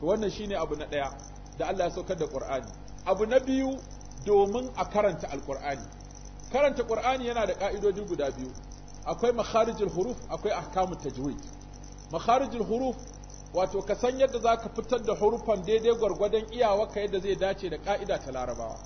to wannan shine abu na ɗaya da Allah ya saukar da Qur'ani abu na biyu domin a karanta alqur'ani karanta Qur'ani yana da ka'idoji guda biyu akwai makharijul huruf akwai ahkamut tajwid makharijul huruf wato ka san yadda zaka fitar da hurufan daidai gwargwadon ka yadda zai dace da ka'ida ta larabawa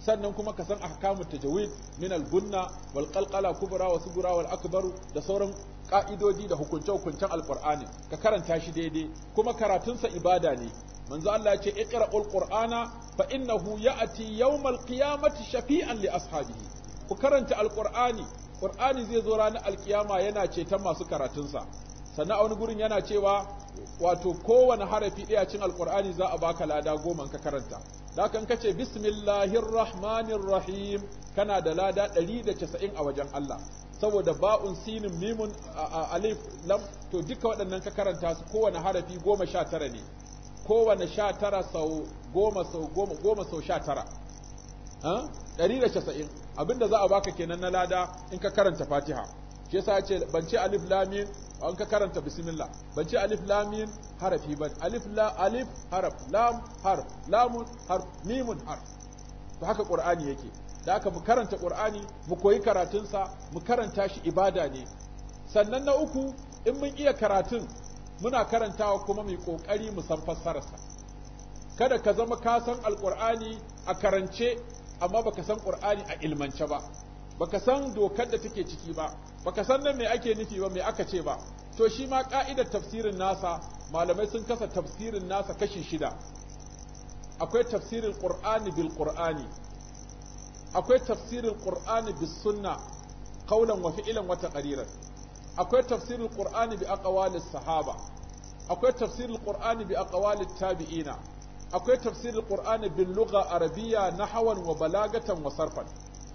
sannan kuma ka san ahkamut tajawid min al-gunna wal qalqala kubra wa sugura wal akbar da sauran ka'idodi da hukunce hukuncen alqur'ani ka karanta shi daidai kuma karatunsa ibada ne manzo Allah ya ce iqra'ul qur'ana fa innahu ya'ti yawmal qiyamati shafi'an li ashabihi ku karanta alqur'ani qur'ani zai zo ranar alkiyama yana ceton masu karatunsa sannan a wani gurin yana cewa wato kowane harafi ɗaya cin Alƙur'ani za a baka lada goma ka karanta da kan kace bismillahir rahmanir rahim kana da lada 190 a wajen Allah saboda ba'un sinin mimun alif lam to duka waɗannan ka karanta su kowane harafi goma sha tara ne kowane sha tara sau goma sau goma goma sau sha tara ɗari da casa'in abinda za a baka kenan na lada in ka karanta fatiha shi yasa ce ban ce alif lamin an ka karanta bismillah ban ce alif lamin harafi ban alif la alif harf lam harf lamun harf mimun harf to haka qur'ani yake da aka mu karanta qur'ani mu koyi karatun sa mu karanta shi ibada ne sannan na uku in mun iya karatun muna karantawa kuma mu kokari mu san fassarar sa kada ka zama ka san alqur'ani a karance amma baka san qur'ani a ilmance ba baka san dokar da take ciki ba baka san nan me ake nufi ba me aka ce ba to shi ma ka'idar tafsirin nasa malamai sun kasa tafsirin nasa kashi shida akwai tafsirin qur'ani bil qur'ani akwai tafsirin qur'ani bis sunna qawlan wa fi'lan wa taqriran akwai tafsirin qur'ani bi aqwalis sahaba akwai tafsirin qur'ani bi aqwalit tabi'ina akwai tafsirin qur'ani bil lugha arabiyya nahwan wa balagatan wa sarfan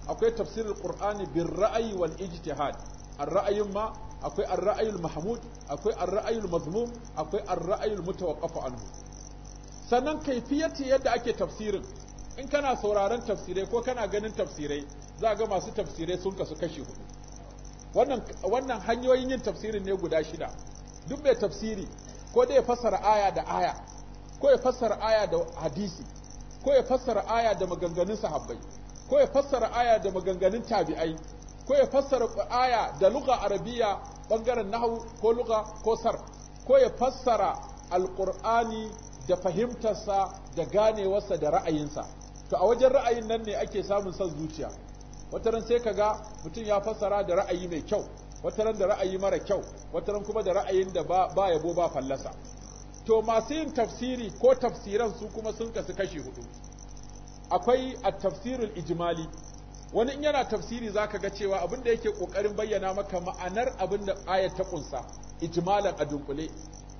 akwai tafsirin qur'ani bil ra'yi wal ijtihad ar-ra'ayin ma akwai ar-ra'ayul mahmud akwai ar-ra'ayul mazmum akwai ar-ra'ayul anhu sannan kaifiyati yadda ake tafsirin in kana sauraron tafsirai ko kana ganin tafsirai za ga masu tafsirai sun kasu kashi hudu wannan wannan hanyoyin yin tafsirin ne guda shida duk mai tafsiri ko dai fassara aya da aya ko ya fassara aya da hadisi ko ya fassara aya da maganganun sahabbai ko ya fassara aya da maganganun tabi'ai ko ya fassara aya da luka arabiya ɓangaren nahu ko luka ko sar ko ya fassara Alƙur'ani da fahimtarsa da ganewarsa da ra'ayinsa to a wajen ra'ayin nan ne ake samun son zuciya wataran sai ka ga mutum ya fassara da ra'ayi mai kyau wataran da ra'ayi mara kyau wataran kuma da ra'ayin da ba, ba yabo ba fallasa to masu yin tafsiri ko tafsiran su kuma sun kasu kashi hudu akwai a tafsirin ijimali. wani in yana tafsiri zaka ga cewa abin da yake kokarin bayyana maka ma'anar abin da ayat ta ƙunsa ijmalan a dunkule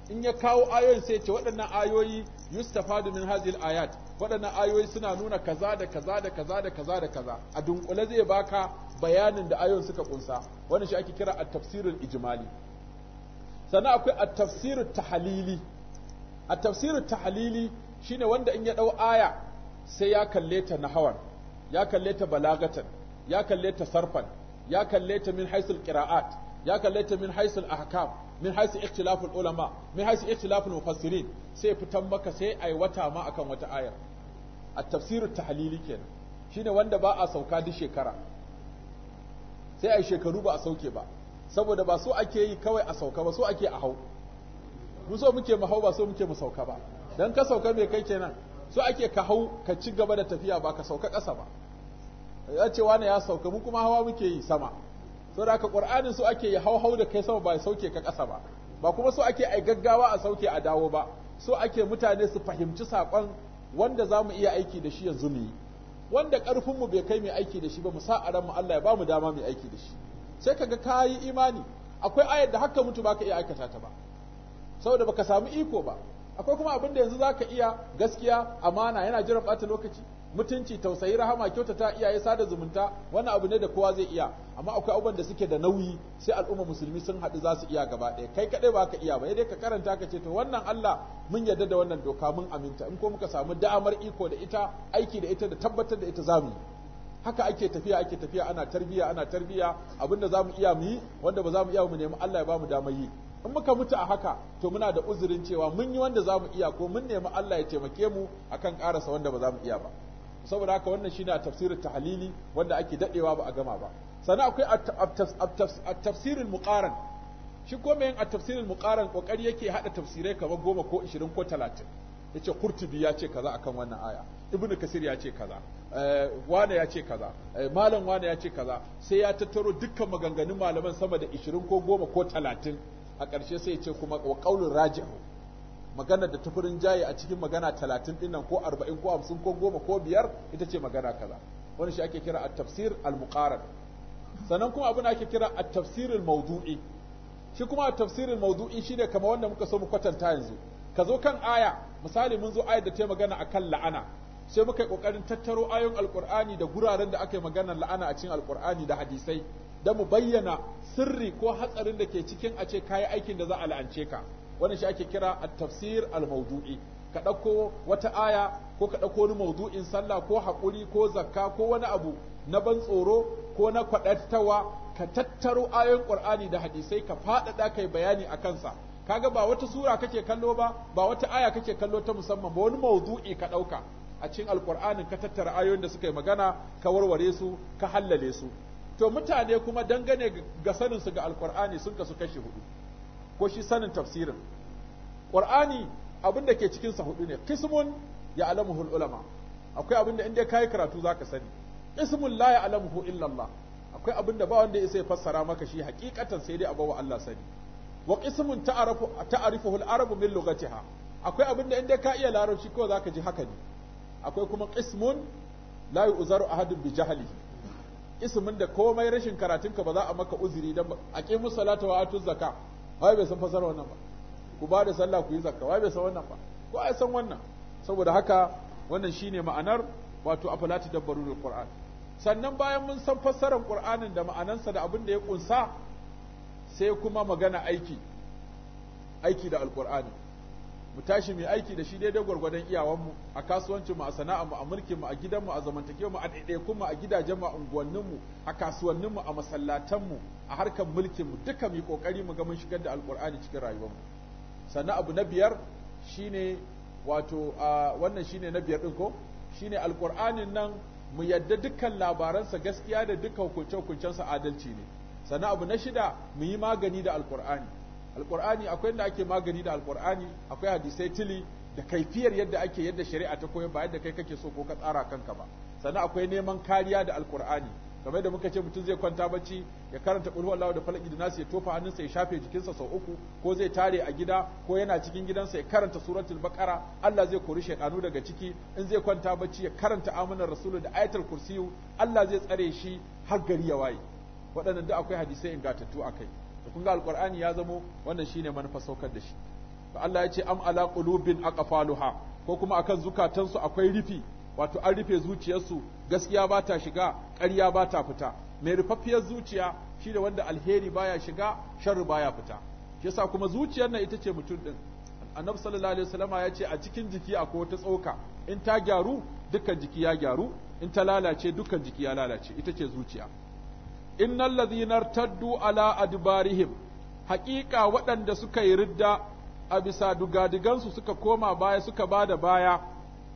in ya kawo ayoyin sai ce waɗannan ayoyi yustafadu min hazil ayat waɗannan ayoyi suna nuna kaza da kaza da kaza da kaza da kaza a dunkule zai baka bayanin da ayoyin suka kunsa wannan shi ake kira at-tafsirul ijmali sannan akwai at-tafsirut tahlili at-tafsirut tahlili shine wanda in ya dau aya sai ya kalle ta nahawan ya kalle ta balagatan ya kalle ta sarfan ya kalle ta min haisul qira'at ya kalle ta min haisul ahkam min haisul ikhtilaful ulama min haisul ikhtilaful mufassirin sai fitan maka sai ai wata ma akan wata aya at-tafsirut tahlili kenan shine wanda ba a sauka duk shekara sai ai shekaru ba a sauke ba saboda ba so ake yi kawai a sauka ba so ake a hau mu so muke mu hau ba so muke mu sauka ba dan ka sauka me kai kenan so ake ka hau ka ci gaba da tafiya ba ka sauka ƙasa ba ya ce wani ya sauka mu kuma hawa muke yi sama so da aka su so ake yi hau hau da kai sama ba ya sauke ka ƙasa ba ba kuma su ake ai gaggawa a sauke a dawo ba so ake mutane su fahimci saƙon wanda za mu iya aiki da shi yanzu mu yi wanda ƙarfinmu bai kai mai aiki da shi ba mu sa a ranmu Allah ya ba mu dama mai aiki da shi sai kaga ka yi imani akwai ayar da haka mutu ba ka iya aikata ta ba saboda ka samu iko ba akwai kuma abin da yanzu zaka iya gaskiya amana yana jiran ɓata lokaci mutunci tausayi rahama kyautata iyaye sada zumunta wannan abu ne da kowa zai iya amma akwai abubuwan da suke da nauyi sai al'umma musulmi sun haɗu za su iya gaba ɗaya kai kaɗai ba ka iya ba yadda ka karanta ka ce to wannan Allah mun yarda da wannan doka mun aminta in ko muka samu damar iko da ita aiki da ita da tabbatar da ita zamu yi haka ake tafiya ake tafiya ana tarbiya ana tarbiya abinda zamu iya mu yi wanda ba za mu iya mu nemi Allah ya mu damar yi in muka mutu a haka to muna da uzurin cewa mun yi wanda za mu iya ko mun nemi Allah ya taimake mu akan karasa wanda ba za mu iya ba saboda haka wannan shine a tafsirin tahlili wanda ake dadewa ba a gama ba sannan akwai tafsirin tafsirul muqaran shi ko meyin a tafsirin muqaran kokari yake hada tafsirai kamar goma ko 20 ko 30 yace Qurtubi ya ce kaza akan wannan aya Ibn Kasir ya ce kaza eh, wane ya ce kaza eh, malam wane ya ce kaza sai ya tattaro dukkan maganganun malaman sama da 20 ko 10 ko 30 a ƙarshe sai ce kuma wa qaulur rajih magana da tafurin jaye a cikin magana 30 dinnan ko 40 ko 50 ko goma ko biyar ita ce magana kaza wani shi ake kira a tafsir al muqarar sannan kuma abin ake kira a tafsir al-mawdu'i shi kuma a tafsir al-mawdu'i ne kamar wanda muka so mu kwatanta yanzu ka zo kan aya misali mun zo ayar da ta yi magana akan la'ana sai muka yi kokarin tattaro ayoyin alqur'ani da guraren da aka yi magana la'ana a cikin alqur'ani da hadisai da mu bayyana sirri ko hatsarin da ke cikin a ce kayi aikin da za a la'ance ka wannan shi ake kira at-tafsir al-mawdu'i ka ɗauko wata aya ko ka ɗauko wani maudu'in sallah ko hakuri ko zakka ko wani abu na ban tsoro ko na kwadatawa ka tattaro ayoyin ƙur'ani da hadisai ka faɗaɗa kai bayani a kansa kaga ba wata sura kake kallo ba ba wata aya kake kallo ta musamman ba wani maudu'i ka ɗauka a cikin alƙur'anin ka tattara ayoyin da suka yi magana ka warware su ka hallale su to mutane kuma dangane ga saninsu ga alkur'ani sun kasu kashi hudu ko shi sanin tafsirin qur'ani abin da ke cikinsa hudu ne qismun ya alamuhul ulama akwai abin da inda kai karatu zaka sani qismun la ya alamuhu illa Allah akwai abin da ba wanda ya fassara maka shi hakikatan sai dai abawa Allah sani wa qismun ta'arifu ta'rifuhu al min lughatiha akwai abin da inda ka iya larabci ko zaka ji haka ne akwai kuma qismun la yu'zaru ahadun bi jahlihi ismin da komai rashin karatunka ba za a maka uzuri dan musu salata wa atuz zakka wai bai san fasara wannan ba ku ba da sallah ku yi zakka wai bai san wannan ba ko ai san wannan saboda haka wannan shine ma'anar wato afala da qur'an sannan bayan mun san fassarar qur'anin da ma'anansa da abin da ya kunsa sai kuma magana aiki aiki da alqur'ani mu tashi mu aiki da shi daidai gwargwadon iyawanmu a kasuwancinmu a sana'armu a mulkinmu a gidanmu a zamantakewarmu a ɗaiɗaikunmu a gidajenmu a unguwanninmu a kasuwanninmu a masallatanmu a harkar mulkinmu duka mu yi ƙoƙari mu ga mun shigar da alƙur'ani cikin rayuwarmu sannan abu na biyar shine wato wannan shine na biyar ɗin ko shine alƙur'anin nan mu yadda dukkan labaransa gaskiya da dukkan hukunce-hukuncensa adalci ne sannan abu na shida mu yi magani da alƙur'ani alkur'ani akwai inda ake magani da alkur'ani akwai hadisai tili da kaifiyar yadda ake yadda shari'a ta koyar ba yadda kai kake so ko ka tsara kanka ba sannan akwai neman kariya da alkur'ani kamar da muka ce mutum zai kwanta bacci ya karanta qul huwallahu da falaki da nasi ya tofa hannunsa ya shafe jikinsa sau uku ko zai tare a gida ko yana cikin gidansa ya karanta suratul baqara Allah zai kori shaytanu daga ciki in zai kwanta bacci ya karanta amanar rasulu da ayatul kursiyu Allah zai tsare shi har gari ya waye waɗannan duk akwai hadisai ingantattu akai kun ga alqur'ani ya zamo wannan shine manufa saukar da shi to Allah ya ce am ala qulubin aqfaluha ko kuma akan zukatansu akwai rufi wato an rufe zuciyarsu gaskiya ba ta shiga ƙarya ba ta fita mai rufaffiyar zuciya shi da wanda alheri baya shiga sharri baya fita shi yasa kuma zuciyar nan ita ce mutum din annabi sallallahu alaihi wasallama ya ce a cikin jiki akwai wata tsoka in ta gyaru dukkan jiki ya gyaru in ta lalace dukkan jiki ya lalace ita ce zuciya innal ladhina irtaddu ala adbarihim haƙiƙa waɗanda suka yi ridda a bisa dugadigansu suka koma baya suka bada baya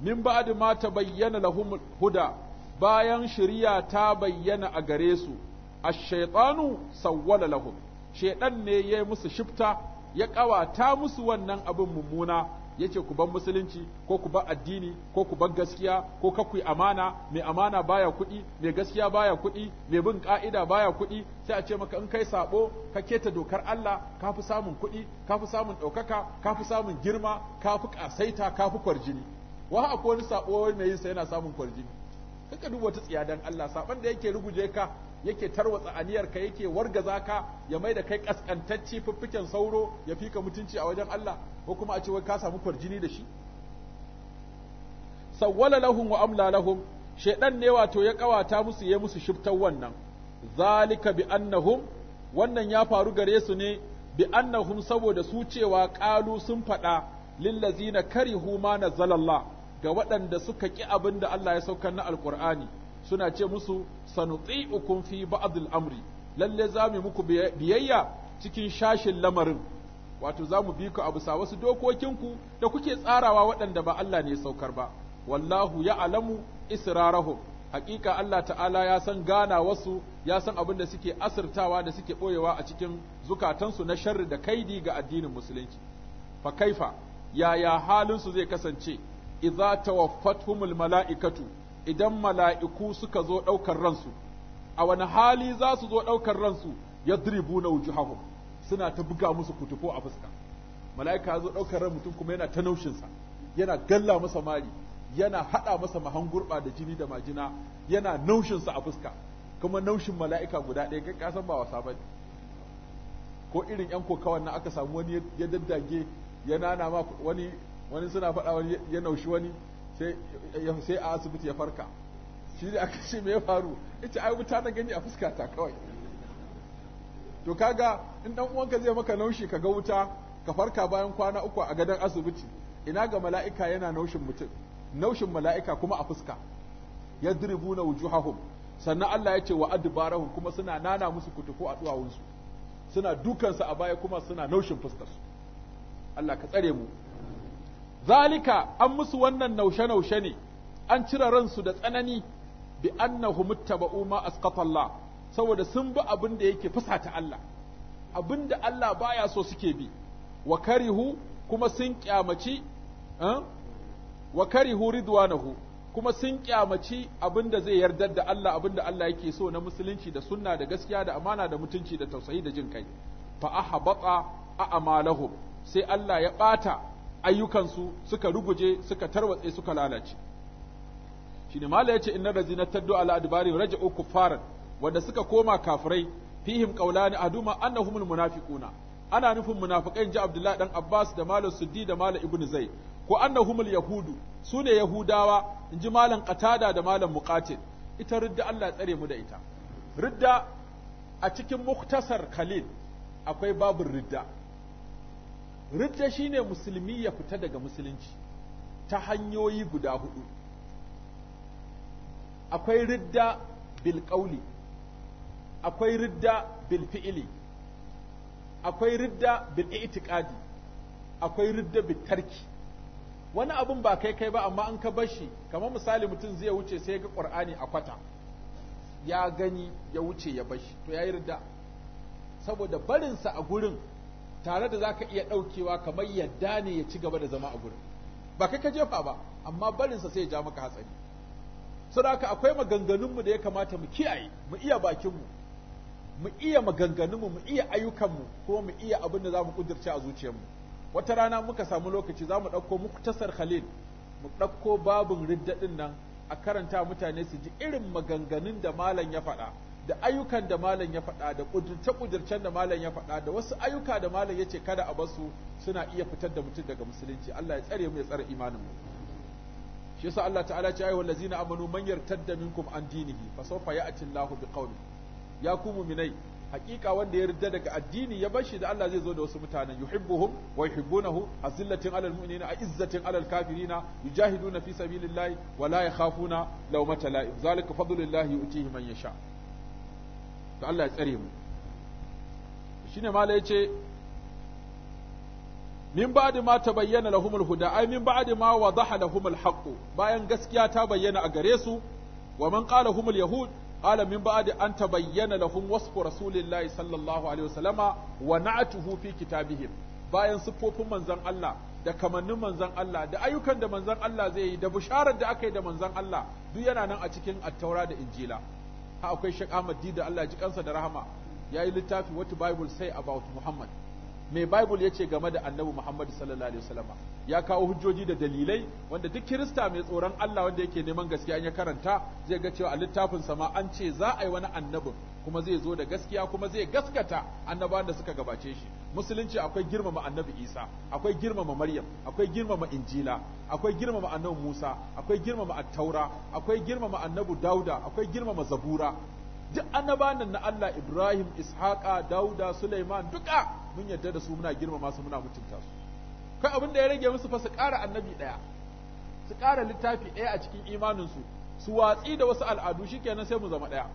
min adma ma tabayyana lahum huda bayan shari'a ta bayyana a gare su ash-shaytanu sawwala lahum shaytan ne yayi musu shifta ya ƙawata musu wannan abin mummuna yace ku bar musulunci ko ku bar addini ko ku bar gaskiya ko ka ku amana mai amana baya kuɗi mai gaskiya baya kuɗi mai bin ka'ida baya kuɗi sai a ce maka in kai sabo ka keta dokar Allah ka fi samun kuɗi ka fi samun ɗaukaka ka fi samun girma ka fi ƙasaita ka fi kwarjini wa akwai wani sabo mai yin sa yana samun kwarjini kaka duba wata tsiya dan Allah saban da yake ruguje ka yake tarwatsa aniyarka yake wargaza ka ya mai da kai kaskantacci fiffiken sauro ya fika mutunci a wajen Allah ko kuma a ce wai ka samu kwarjini da shi sawwala lahum wa amla lahum shaydan ne wato ya kawata musu ya musu shiftar wannan zalika bi annahum wannan ya faru gare su ne bi annahum saboda su cewa qalu sun faɗa lillazina karihu ma nazzalallah ga waɗanda suka ƙi abin da Allah ya saukar na alƙur'ani suna ce musu sanutsi ukun fi ba'dil amri lalle za mu muku biyayya cikin shashin lamarin wato za mu bi ku a bisa wasu dokokinku da kuke tsarawa waɗanda ba Allah ne saukar ba wallahu ya alamu israrahum hakika Allah ta'ala ya san gana wasu ya san abin da suke asirtawa da suke ɓoyewa a cikin zukatansu na sharri da kaidi ga addinin musulunci fa kaifa yaya halin su zai kasance idza tawaffatuhumul mala'ikatu idan mala'iku suka zo ɗaukar ransu a wani hali za su zo ɗaukar ransu ya dribu na wujuhahum suna ta buga musu kutufo a fuska mala'ika zo ɗaukar ran mutum kuma yana ta naushinsa yana galla masa mari yana haɗa masa mahangurɓa da jini da majina yana naushinsa a fuska kuma naushin mala'ika guda ɗaya kai kasan ba wasa bane ko irin yan kokawan nan aka samu wani ya daddage ya wani wani suna faɗa wani ya naushi wani sai a asibiti ya farka shi da aka ce me faru ita ai wuta na gani a fuskata kawai to kaga in dan uwanka zai maka naushi ka ga wuta ka farka bayan kwana uku a gadon asibiti ina ga mala'ika yana naushin mutum naushin mala'ika kuma a fuska ya wuju wujuhahum sannan Allah ya ce wa adbarahum kuma suna nana musu kutuku a duwawunsu suna dukansu a baya kuma suna naushin fuskar su Allah ka tsare mu zalika an musu wannan naushe-naushe ne an cire ransu da tsanani bi annahu muttaba'u ma asqata Allah saboda sun bi abin da yake fusata Allah abin da Allah baya so suke bi wa karihu kuma sun kyamaci eh, wa karihu ridwanahu kuma sun kyamaci abin da zai yarda da Allah abin da Allah yake so na musulunci da sunna da gaskiya da amana da mutunci da tausayi da jin kai fa ahabata a amalahum sai Allah ya bata ayyukansu suka ruguje suka tarwatse suka lalace ne mala yace innal razina taddu ala adbari uku kuffaran wanda suka koma kafirai fihim qawlani aduma annahumul munafiquna ana nufin munafiqai ji abdullahi dan abbas da malam suddi da malam ibnu zai. ko annahumul yahudu sune yahudawa inji malam qatada da malam muqatil ita ridda Allah tsare mu da ita ridda a cikin muktasar khalil akwai babu ridda ridda shine musulmi ya fita daga musulunci ta hanyoyi guda hudu akwai ridda bil akwai ridda bilfi'ili, akwai ridda bil i'tiqadi akwai ridda bil wani abun ba kai kai ba amma an ka bashi kamar misali mutum zai wuce sai ga qur'ani a kwata ya gani ya wuce ya bashi to yayi ridda saboda barinsa a gurin tare da za ka iya ɗaukewa kamar yadda ne ya ci gaba da zama a gurin ba kai ka jefa ba amma barinsa sai ya ja maka hatsari saboda akwai maganganunmu da ya kamata mu kiyaye mu iya bakinmu mu iya maganganunmu mu iya ayyukanmu kuma mu iya abin da za mu kudirce a zuciyarmu wata rana muka samu lokaci za mu ɗauko muktasar khalil mu ɗauko babin riddaɗin nan a karanta mutane su ji irin maganganun da malam ya faɗa da ayyukan da malam ya faɗa da ƙudurce-ƙudurcen da malam ya faɗa da wasu ayyuka da malam ya ce kada a basu suna iya fitar da mutum daga musulunci Allah ya tsare mu ya tsare imanin mu shi yasa Allah ta'ala ce ayyuhal ladzina amanu man yartadda minkum an dinihi fa sawfa ya'ti Allahu biqaumi ya ku mu'minai haƙiƙa wanda ya yarda daga addini ya shi da Allah zai zo da wasu mutanen yuhibbuhum wa yuhibbunahu azillatin alal mu'minina a'izzatin alal kafirina yujahiduna fi sabilillahi wa la yakhafuna lawmata la'im zalika fadlullahi yu'tihi man yasha' to Allah ya tsare mu shine mala ce min ba'di ma bayyana lahumul huda ai min ba'di ma wadaha lahumul haqq bayan gaskiya ta bayyana a gare su wa man qala humul yahud qala min ba'di an tabayyana lahum wasfu rasulillahi sallallahu alaihi wasallama wa na'atuhu fi kitabihim bayan siffofin manzon Allah da kamannin manzon Allah da ayyukan da manzon Allah zai yi da bisharar da aka yi da manzon Allah duk yana nan a cikin attaura da injila akwai Sheikh Ahmad da Allah ji kansa da rahama ya yi littafi what bible say about Muhammad mai bible ya ce game da annabi muhammadu sallallahu alaihi wasallama ya kawo hujjoji da dalilai wanda duk kirista mai tsoron allah wanda yake neman gaskiya ya karanta zai ga cewa a littafin sama an ce za a yi wani annabin kuma zai zo da gaskiya kuma zai gaskata annabawan da suka gabace shi musulunci akwai girmama annabi isa akwai girmama maryam akwai girmama injila akwai girmama annabi musa akwai girmama attaura akwai girmama annabi dauda akwai girmama zabura duk annabawan na Allah Ibrahim Ishaqa Dauda Suleiman duka mun yarda da su muna girmama su muna mutunta su kai abin da ya rage musu fa su ƙara annabi ɗaya su ƙara littafi ɗaya a cikin imanin su su watsi da wasu al'adu shikenan sai mu zama ɗaya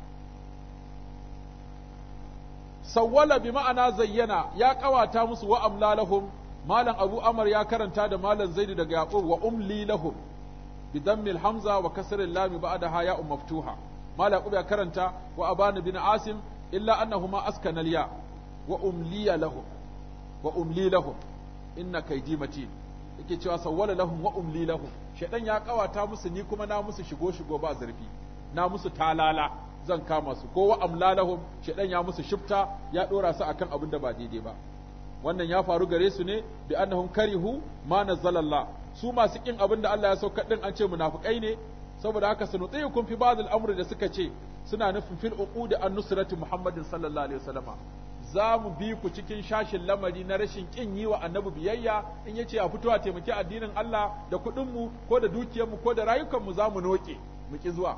sawwala bi ma'ana zayyana ya kawata musu wa amlalahum malam abu amar ya karanta da malam zaid daga yaqub wa umli lahum bi dammil hamza wa kasril lam ba'daha ya um maftuha mala ya karanta wa abani bin asim illa annahuma askana liya wa umliya lahum wa umli lahum inna yake cewa sawwala lahum wa umli lahum shedan ya kawata musu ni kuma na musu shigo shigo ba zarfi na musu talala zan kama su ko wa amla lahum shedan ya musu shifta ya dora su akan abin da ba daidai ba wannan ya faru gare su ne bi annahum karihu ma mana su masu kin abin da Allah ya sauka din an ce munafikai ne saboda haka kun fi ba'd al-amr da suka ce suna nufin fil uqud an nusrati muhammadin sallallahu alaihi wasallama za mu bi ku cikin shashin lamari na rashin kin yi wa annabi biyayya in ya ce a fito a taimaki addinin Allah da kuɗin mu ko da dukiyar mu ko da rayukan mu za mu noke mu ki zuwa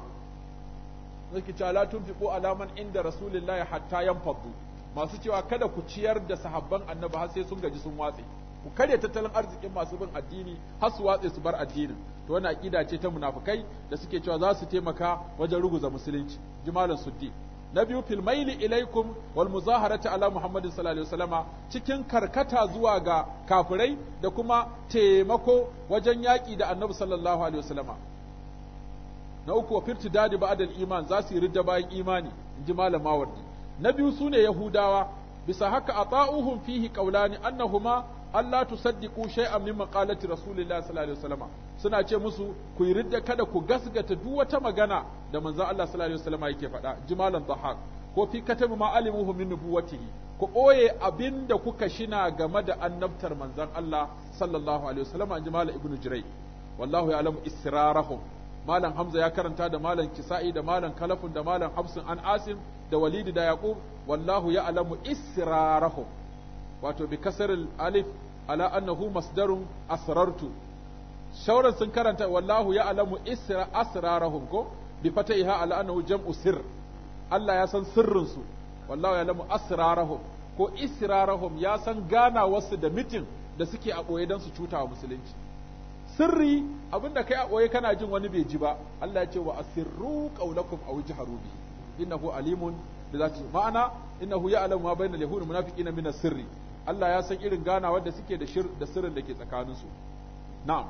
zaki ce la tunfiqu ala alaman inda rasulillahi hatta yanfadu masu cewa kada ku ciyar da sahabban annabi har sai sun gaji sun watse ku kare tattalin arzikin masu bin addini har su watse su bar addinin to wannan aqida ce ta munafikai da suke cewa za su taimaka wajen ruguza musulunci jimalan suddi na biyu fil maili ilaikum wal muzaharati ala muhammadin sallallahu alaihi wasallama cikin karkata zuwa ga kafirai da kuma taimako wajen yaki da annabi sallallahu alaihi wasallama na uku wa firtidadi ba'dal iman za su yi ridda bayan imani inji malama na biyu sune yahudawa bisa haka ata'uhum fihi qawlani annahuma Allah saddiku shay'an min qalati rasulillah sallallahu alaihi wasallam suna ce musu ku yi ridda kada ku gasgata duk wata magana da manzo Allah sallallahu alaihi wasallam yake faɗa jimalan dhahak ko fi katabi ma alimuhu min nubuwatihi ku boye abinda kuka shina game da annabtar manzon Allah sallallahu alaihi wasallam an jimala ibnu Jirai. wallahu ya'lamu israrahum malam hamza ya karanta da malam kisa'i da malam kalafun da malam hafsun an asim da walidi da yaqub wallahu ya'lamu israrahum wato bi kasaril alif ala annahu masdarun asrartu shauran sun karanta wallahu ya alamu isra asrarahum ko bi fataiha ala annahu jam'u Sir Allah ya san sirrin su wallahu ya alamu asrarahum ko israrahum ya san gana wasu da mitin da suke a ɓoye don su cuta wa musulunci sirri abinda kai a ɓoye kana jin wani bai ji ba Allah ya ce wa asirru qaulakum aw jaharu bi innahu alimun bi zati ma'ana innahu ya'lamu ma al yahudi munafiqina min sirri Allah ya san irin ganawar da suke da shir sirrin da ke tsakaninsu na'am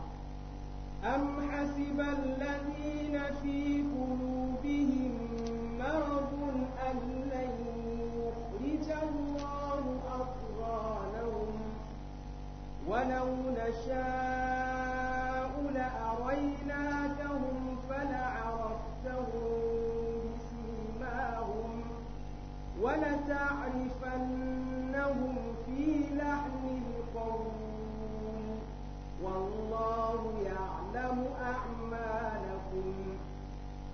am hasiba alladhina fi qulubihim maradun an lan yukhrija Allahu aqranahum walau nasha'u la'araynakahum fala'araftahum bisimahum ta'rifan. تبصرون والله يعلم أعمالكم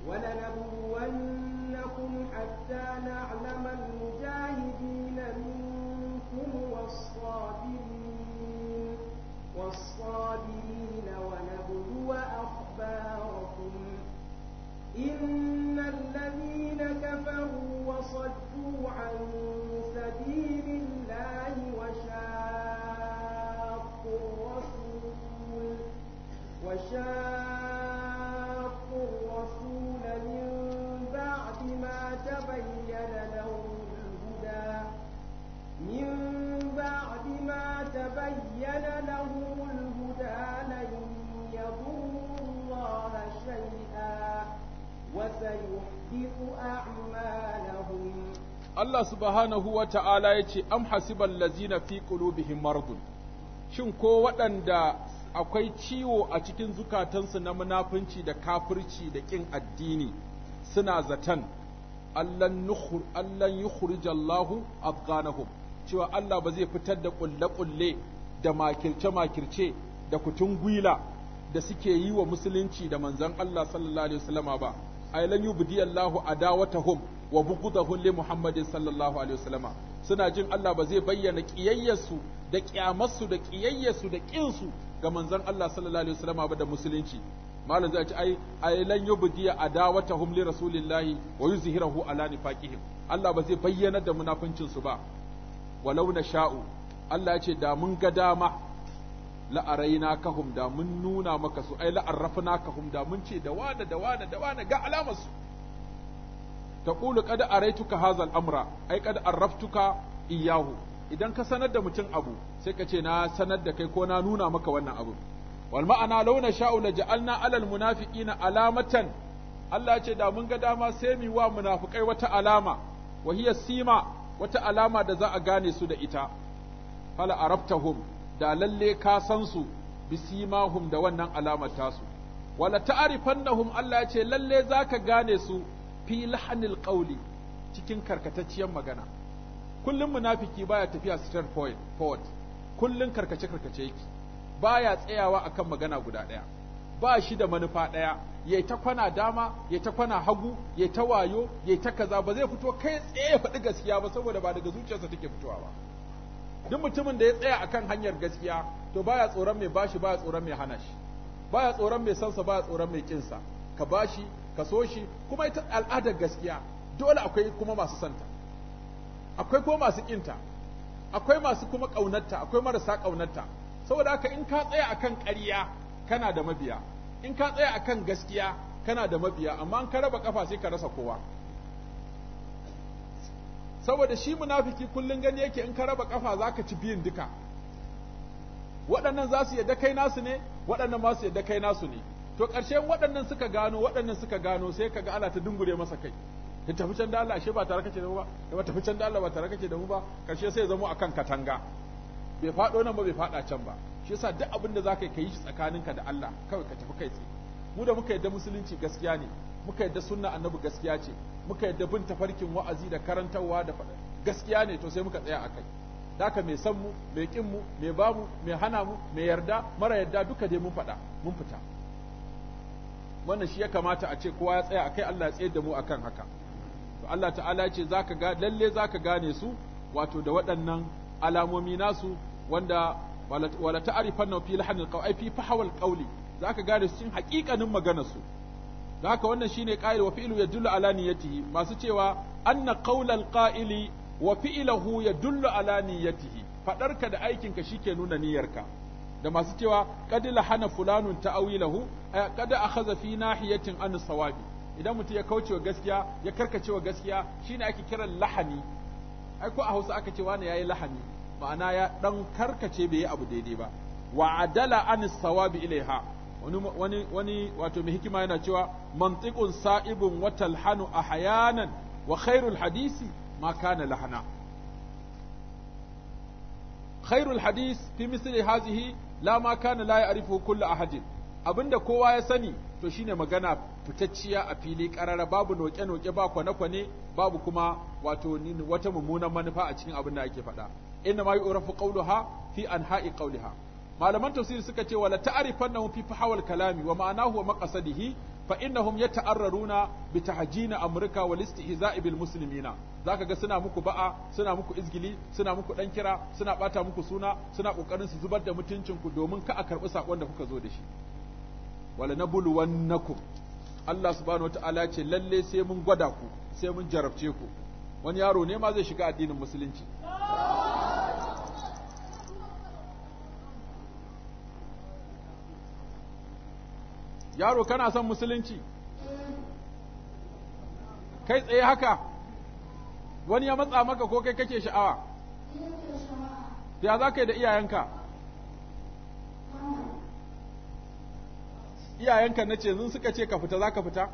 ولنبونكم حتى نعلم المجاهدين منكم والصابرين والصابرين ونبلو أخباركم إن الذين كفروا وصدوا عن سبيل وشاقوا الرسول من بعد ما تبين لهم الهدى من بعد ما تبين لهم الهدى لن يضروا الله شيئا وسيحبط أعمالهم Allah subhanahu wa ta'ala ya ce, Am hasiban lazina fi qulubihim mardun, shin ko waɗanda akwai ciwo a cikin zukatansu na munafunci da kafirci da ƙin addini suna zaton allan yukhrijallahu afghanahum cewa Allah ba zai fitar da ƙulle-ƙulle da makirce-makirce da kutun gwila da suke yi wa musulunci da manzon Allah sallallahu alaihi wasallama ba ay lan yubdiyallahu adawatahum wa bughdahum li Muhammadin sallallahu alaihi wasallama suna jin Allah ba zai bayyana kiyayyarsu da ƙyamarsu da kiyayyarsu da kinsu ga manzon Allah sallallahu alaihi wasallam ba da musulunci malam zai ce ai ai lan adawata hum li rasulillahi wa yuzhirahu ala nifaqihim Allah ba zai bayyana da munafincin su ba walau na sha'u Allah ya ce da mun ga dama la'araina kahum da mun nuna maka su ai arrafna kahum da mun ce da wada da wada da wada ga alamar su taqulu qad araituka hadha amra ai qad arraftuka iyahu idan ka sanar da mutum abu sai ka ce na sanar da kai ko na nuna maka wannan abu wal ma'ana launa sha'u la ja'alna alal munafiqina alamatan Allah ce da mun ga dama sai mu wa munafikai wata alama wa hiya sima wata alama da za a gane su da ita fala arabtahum da lalle ka san su bi bisimahum da wannan alamar tasu wala ta'rifannahum Allah ya ce lalle zaka gane su fi lahanil qawli cikin karkatacciyar magana kullum munafiki baya tafiya straight forward kullum karkace karkace yake baya tsayawa akan magana guda daya ba shi da manufa daya yayi ta kwana dama yayi ta kwana hagu yayi ta wayo yayi ta kaza ba zai fito kai tsaye faɗi gaskiya ba saboda ba daga zuciyarsa take fitowa ba duk mutumin da ya tsaya akan hanyar gaskiya to baya tsoron mai bashi baya tsoron mai hana shi baya tsoron mai sansa baya tsoron mai kinsa ka bashi ka so shi kuma ita al'adar gaskiya dole akwai kuma masu santa akwai ko masu kinta akwai masu kuma ƙaunarta akwai marasa ƙaunarta saboda haka in ka tsaya akan ƙarya kana da mabiya in ka tsaya akan gaskiya kana da mabiya amma in ka raba kafa sai ka rasa kowa saboda shi munafiki kullun gani yake in ka raba kafa zaka ci biyun duka waɗannan za su yadda kai nasu ne waɗannan ma su yadda kai nasu ne to ƙarshen waɗannan suka gano waɗannan suka gano sai ka ga ana ta dungure masa kai in tafi can da Allah ashe ba tare kace da mu ba in tafi can da Allah ba tare kace da mu ba karshe sai zamo akan katanga bai faɗo nan ba bai faɗa can ba shi yasa duk abin da zaka yi shi tsakaninka da Allah kawai ka tafi kai tsaye mu da muka yadda musulunci gaskiya ne muka yadda sunna annabi gaskiya ce muka yadda bin tafarkin wa'azi da karantarwa da fada gaskiya ne to sai muka tsaya akai daka mai san mu mai kin mu mai bamu mai hana mu mai yarda mara yarda duka dai mun faɗa mun fita wannan shi ya kamata a ce kowa ya tsaya akai Allah ya tsayar da mu akan haka to Allah ta'ala ce zaka ga lalle zaka gane su wato da waɗannan alamomi nasu wanda wala ta'rifanna fi lahnil qawl ai fi fahwal qawli zaka gane su cikin haƙiƙanin maganar su haka wannan shine qa'il wa fi'lu yadullu ala niyyatihi masu cewa anna qawlal qa'ili wa fi'luhu yadullu ala niyyatihi fadarka da aikinka shike nuna niyyarka da masu cewa qad lahana fulanun ta'awilahu qad akhadha fi nahiyatin an sawabi idan mutum ya kaucewa gaskiya ya karkacewa gaskiya shine ake kiran lahani ai ko a Hausa aka ce wani yayi lahani ma'ana ya dan karkace bai yi abu daidai ba wa adala an sawabi ilaiha wani wani wani wato mai hikima yana cewa mantiqun sa'ibun wa talhanu ahyanan wa khairul hadisi ma kana lahana khairul hadis fi misli hazihi la ma kana la ya'rifu kullu ahadin abinda kowa ya sani to shine magana fitacciya a fili karara babu noke-noke ba kwane-kwane babu kuma wato wata mummunan manufa a cikin abin da ake faɗa inna ma yu'rafu qawluha fi anha'i qawliha malaman tafsir suka ce wala ta'rifannahu fi fahawal kalami wa ma'anahu wa maqasadihi fa innahum yata'arraruna bi tahjina amrika wal istihza'i bil muslimina zaka ga suna muku ba'a suna muku izgili suna muku dan kira suna bata muku suna suna kokarin su zubar da mutuncin ku domin ka a karbi sakon da kuka zo da shi wala na nabluwannakum Allah subhanahu wataala ce lalle sai mun gwada ku sai mun jarabce ku wani yaro ne ma zai shiga addinin musulunci yaro kana son musulunci kai tsaye haka wani ya matsa maka ko kai kake sha'awa ya za ka yi da iyayenka iyayenka na ce yanzu suka ce ka fita za ka fita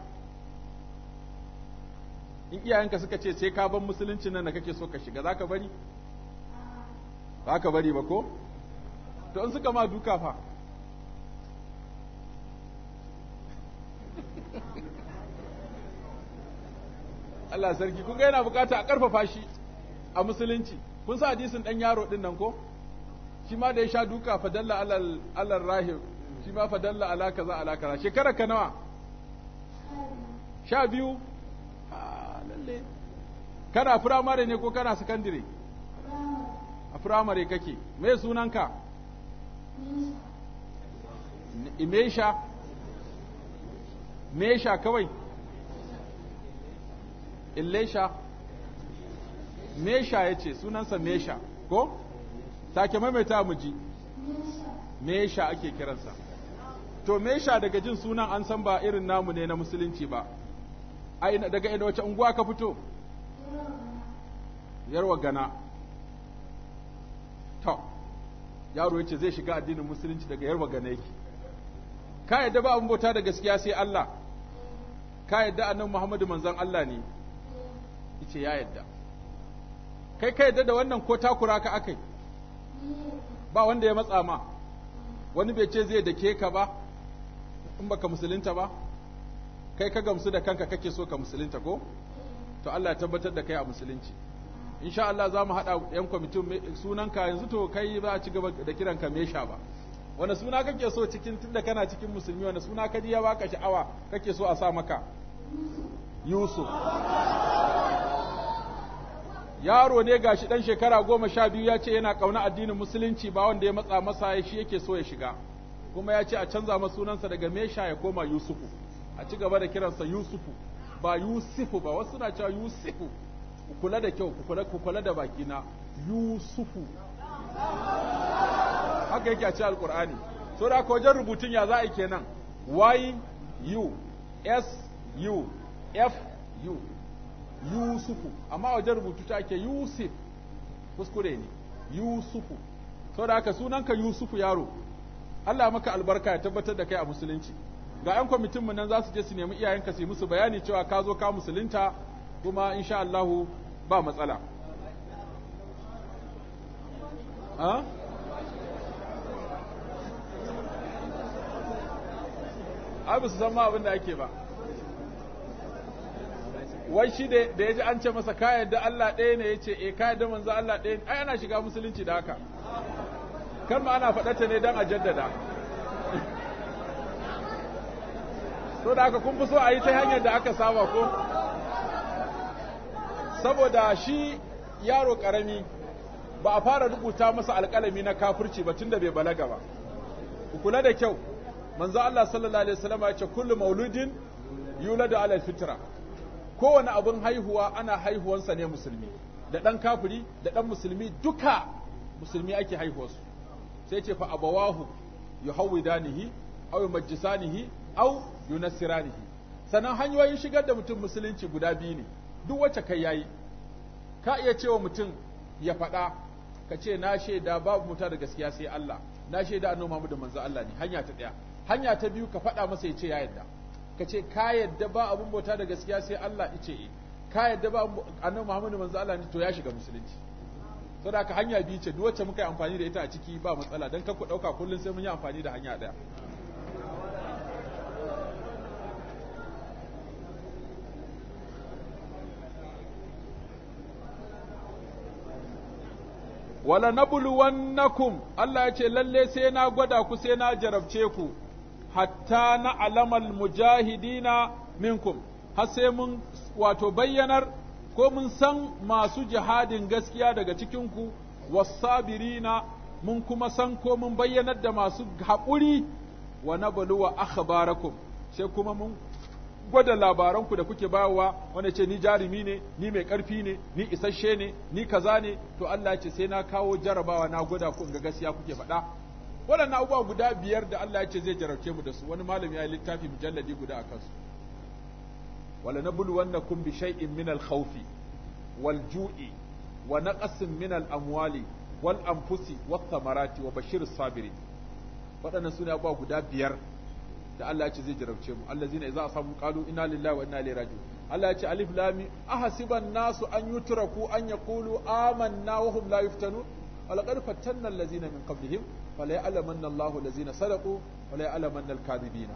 in iyayenka suka ce sai ka ban musulunci nan da kake so ka shiga za ka bari ba ka bari ba ko to in suka ma duka fa Allah sarki kun ga yana bukata a karfafa shi a musulunci kun sa hadisin dan yaro din nan ko shi ma da ya sha duka fa dalla alal alal rahib shi ma fa dalla ala kaza ala kaza shekara ka nawa sha biyu a ah, lalle kana firamare ne ko kana sakandire a firamare kake me sunanka imesha mesha kawai illesha mesha ya ce sunansa mesha ko take maimaita mu ji mesha ake kiransa to me sha daga jin sunan an san ba irin namu ne na musulunci ba ai daga ina wace unguwa ka fito yarwa gana to yaro yace zai shiga addinin musulunci daga yarwa gana yake ka yadda ba abin bauta da gaskiya sai Allah ka yadda annabi Muhammadu manzon Allah ne yace ya yadda kai ka yadda da wannan ko takura ka akai ba wanda ya matsa ma wani bai ce zai dake ka ba in baka musulunta ba kai ka gamsu da kanka kake so ka musulunta ko to Allah ya tabbatar da kai a musulunci insha Allah za mu haɗa ‘yan kwamitin sunanka yanzu to kai za a ci gaba da kiranka mesha ba wani suna kake so cikin tunda kana cikin musulmi wani suna ka ji ya baka sha'awa kake so a sa maka yusuf yaro ne gashi dan shekara goma sha biyu ya ce yana ƙauna addinin musulunci ba wanda ya matsa masa shi yake so ya shiga kuma ya ce a canza masa sunansa daga Mesha ya koma Yusufu a ci gaba da kiransa Yusufu ba Yusufu ba wasu na cewa Yusufu ku kula da kyau ku kula da baki na Yusufu haka yake a cikin Alkur'ani so da ko wajen rubutun ya za a yi kenan Y U S U F U Yusufu amma wajen rubutu ta ake Yusuf kuskure ne Yusufu so da haka sunanka Yusufu yaro Allah maka albarka ya tabbatar da kai a musulunci ga ƴan kwamitin mu nan za su je su nemi iyayenka su yi musu bayani cewa ka zo ka musulunta kuma insha Allah ba matsala ha ai ba su san ma abin da ake ba wai shi da ya ji an ce masa ka da Allah ɗaya ne ya ce eh ka yarda manzo Allah ɗaya ne ai ana shiga musulunci da haka ma ana faɗa ta ne don a jaddada so da aka kun fi so a yi ta hanyar da aka saba ko saboda shi yaro ƙarami ba a fara rubuta masa alƙalami na kafirci ba tun da bai balaga ba ku kula da kyau manzo Allah sallallahu alaihi wasallam ya ce kullu mauludin yuladu ala fitra kowane abin haihuwa ana haihuwansa ne musulmi da dan kafiri da dan musulmi duka musulmi ake haihuwarsu sai ce fa abawahu yuhawidanihi aw yumajjisanihi aw yunassiranihi sannan hanyoyin shigar da mutum musulunci guda biyu ne duk wacce kai yayi ka iya cewa mutum ya faɗa ka ce na shaida babu muta da gaskiya sai Allah na shaida annabi Muhammad manzo Allah ne hanya ta daya hanya ta biyu ka faɗa masa ya ce ya yarda ka ce ka yarda ba abun bauta da gaskiya sai Allah ice eh. ka yarda ba annabi Muhammad manzo Allah ne to ya shiga musulunci saboda hanya biyu ce duk wacce muka yi amfani da ita a ciki ba matsala don kanku ɗauka dauka sai mun yi amfani da hanya daya wala nabluwannakum Allah ya ce lalle sai na gwada ku sai na jarabce ku hatta na alamal mujahidina minkum har sai mun wato bayyanar ko mun san masu jihadin gaskiya daga cikinku wasabirina mun kuma san ko mun bayyanar da masu haƙuri wa nabluwa akhbarakum sai kuma mun gwada labaranku da kuke bayarwa wanda ce ni jarumi ne ni mai ƙarfi ne ni isasshe ne ni kaza ne to Allah ce sai na kawo jarabawa na gwada ku ga gaskiya kuke faɗa waɗannan abubuwa guda biyar da Allah ce zai jarabce mu da su wani malami ya yi littafi mujalladi guda a kansu wala nabluwannakum bi shay'in min al-khawf wal ju'i wa naqsin minal al-amwali wal anfusi wat thamarati wa bashir as-sabirin waɗannan sune abuwa guda biyar da Allah ce zai jarabce mu allazina idza asabu qalu inna lillahi wa inna ilaihi raji'un Allah ce alif lam mim ahasiban nasu an yutraku an yaqulu amanna wa hum la yuftanu alqad fatanna allazina min qablihim fala ya'lamanna Allahu allazina sadaqu fala ya'lamanna al-kadhibina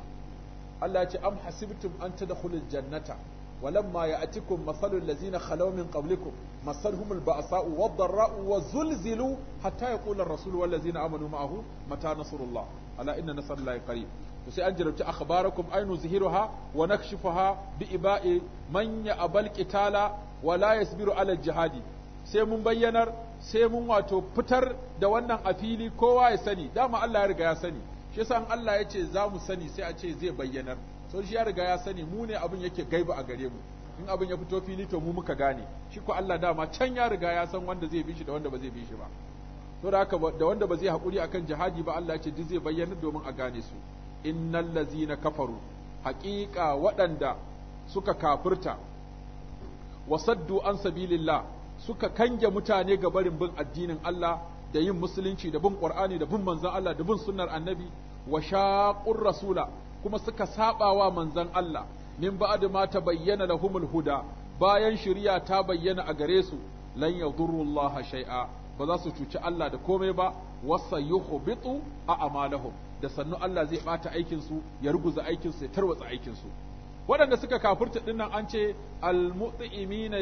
Allah ce am hasibtum an tadkhulul jannata walamma ya'tikum mathalul ladzina khalaw min qablikum masalhumul ba'sa'u wad-dharra'u wazulzilu hatta ya ar-rasulu wal ladzina amanu ma'ahu mata nasrullah ala inna nasrallahi qarib to sai an jarabci akhbarakum aynu zuhiruha wa nakshifuha bi iba'i man ya'bal qitala wa la yasbiru ala jihadi sai mun bayyanar sai mun wato fitar da wannan afili kowa ya sani dama Allah ya riga ya sani shi san Allah ya ce za mu sani sai a ce zai bayyanar so shi ya riga ya sani mu ne abin yake gaiba a gare mu in abin ya fito fili to mu muka gane shi ko Allah dama can ya riga ya san wanda zai bi shi da wanda ba zai bi ba to da haka da wanda ba zai hakuri akan jihadi ba Allah ya ce duk zai bayyana domin a gane su innal ladzina kafaru haqiqa waɗanda suka kafirta wasaddu an sabilillah suka kange mutane ga barin bin addinin Allah da yin musulunci da bin qur'ani da bin manzon Allah da bin sunnar annabi wa shaqur rasula kuma suka sabawa manzon Allah min ba'd ma tabayyana lahumul huda bayan shari'a ta bayyana a gare su lan yadurullaha shay'a ba za su cuci Allah da komai ba wasa yuhbitu a amalahum da sannu Allah zai bata aikin su ya ruguza aikin su ya tarwatsa aikin su waɗanda suka kafirta dinnan an ce al-mut'imina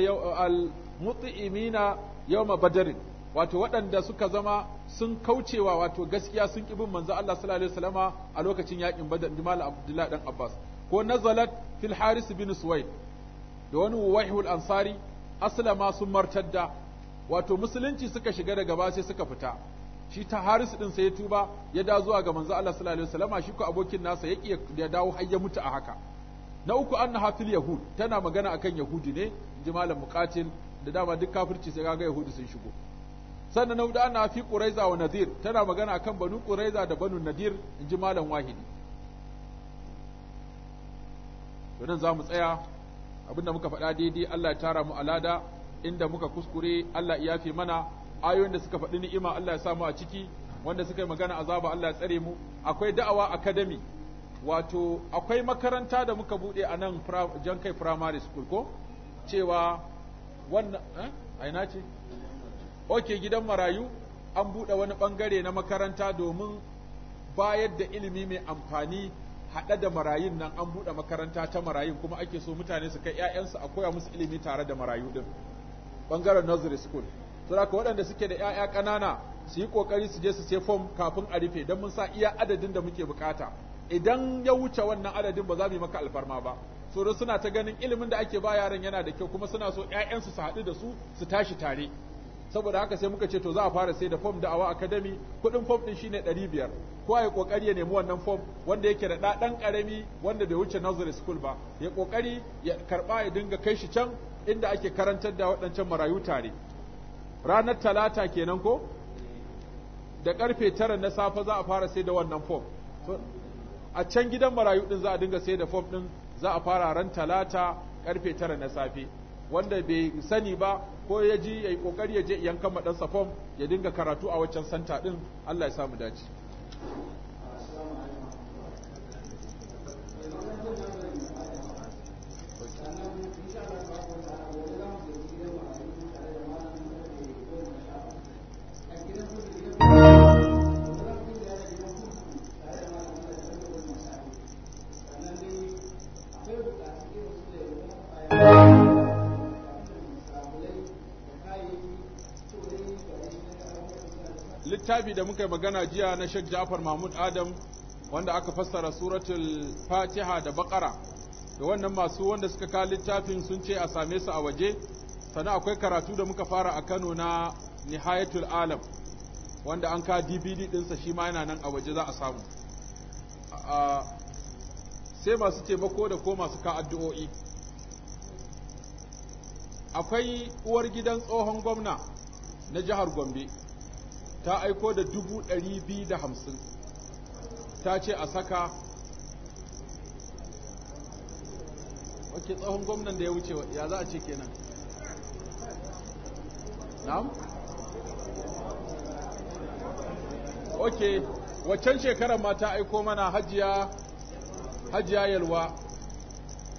mutimina yawma badrin wato waɗanda suka zama sun kaucewa wato gaskiya sun ƙi bin manzo Allah sallallahu alaihi wasallama a lokacin yakin Badr Malik Abdullah dan Abbas ko nazalat fil Haris bin Suwaid da wani wahyul Ansari aslama sun martadda wato musulunci suka shiga daga ba sai suka fita shi ta Haris din sai ya tuba ya da zuwa ga manzo Allah sallallahu alaihi wasallama shi ko abokin nasa ya ya dawo har ya mutu a haka na uku anna hafil yahud tana magana akan yahudi ne jimalan muqatil da dama duk kafirci sai kaga yahudi sun shigo sannan na hudu ana fi ƙuraiza wa nadir tana magana akan banu ƙuraiza da banu nadir ji malam wahidi to nan mu tsaya abinda muka faɗa daidai Allah ya tara mu alada inda muka kuskure Allah ya yafe mana ayoyin da suka faɗi ni'ima Allah ya samu a ciki wanda suka yi magana azaba Allah ya tsare mu akwai da'awa academy wato akwai makaranta da muka buɗe a nan jan kai primary school ko cewa wannan eh? ce oke gidan marayu an buɗe wani ɓangare na makaranta domin bayar da ilimi mai amfani haɗe da marayun nan an buɗe makaranta ta marayun kuma ake so mutane su kai 'ya'yansu a koya musu ilimi tare da marayu ɗin ɓangaren nursery school to waɗanda suke da 'ya'ya ƙanana su yi ƙoƙari su je su sai fom kafin a rufe don mun sa iya adadin da muke bukata idan ya wuce wannan adadin ba za mu yi maka alfarma ba so suna ta ganin ilimin da ake ba yaran yana da kyau kuma suna so 'ya'yansu su haɗu da su su tashi tare saboda haka sai muka ce to za a fara sai da form da awa academy kudin form din shine 500 ko ai kokari ya nemi wannan form wanda yake da dan karami wanda bai wuce nursery school ba ya kokari ya karba ya dinga kai shi can inda ake karantar da waɗancan marayu tare ranar talata kenan ko da karfe tara na safe za a fara sai da wannan form a can gidan marayu din za a dinga sai da form din za a fara ran talata karfe tara na safe wanda bai sani ba ko ya ji ya yi ƙoƙari ya je iyan kama ɗansa fom ya dinga karatu a waccan santa ɗin Allah ya samu dace. littafi da muka yi magana jiya na Sheikh Ja'far Mahmud Adam wanda aka fassara suratul Fatiha da Baqara da wannan masu wanda suka ka littafin sun ce a same su a waje sannan akwai karatu da muka fara a Kano na Nihayatul Alam wanda an ka DVD ɗinsa shi ma yana nan a waje za a samu sai masu taimako da ko masu ka addu'o'i akwai uwar gidan tsohon gwamna na jihar Gombe ta aiko da dubu ɗari biyu da hamsin ta ce a saka wake tsohon gwamnan da ya wuce ya za a ce kenan na'am ok waccan shekarar ma ta aiko mana hajiya hajiya yalwa